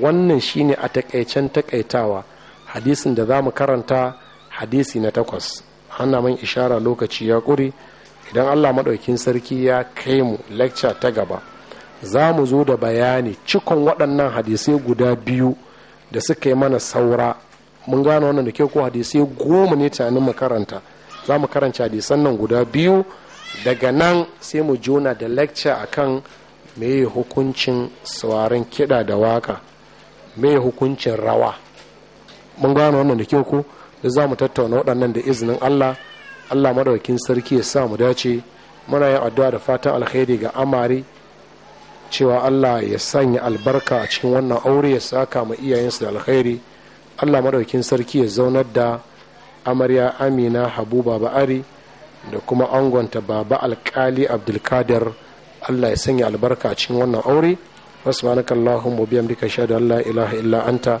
wannan shine a takaicen takaitawa hadisin da za mu karanta hadisi na takwas ana min ishara lokaci ya ƙuri idan allah maɗaukin sarki ya kai mu lecture ta gaba za mu zo da bayani cikon waɗannan hadisai guda biyu da suka yi mana saura mun gano wannan da ke ko hadisai goma ne tunanin mu karanta za mu karanta hadisan nan guda biyu daga nan sai mu jona da lecture akan mai hukuncin sauraron kiɗa da waka mai hukuncin rawa mun gano wannan da kyau ko da za mu tattauna waɗannan da izinin allah allah maɗaukin sarki ya sa mu dace muna yin addu'a da fatan alkhairi ga amari cewa allah ya sanya albarka a cikin wannan aure ya saka ma iyayensu da alkhairi allah madaukin sarki ya zaunar da amarya amina Habuba Ba'ari da kuma angonta baba alkali abdulkadir allah ya sanya albarka a cikin wannan aure wasu manakan allahun mabiyan duka shaɗa allah ilaha illa anta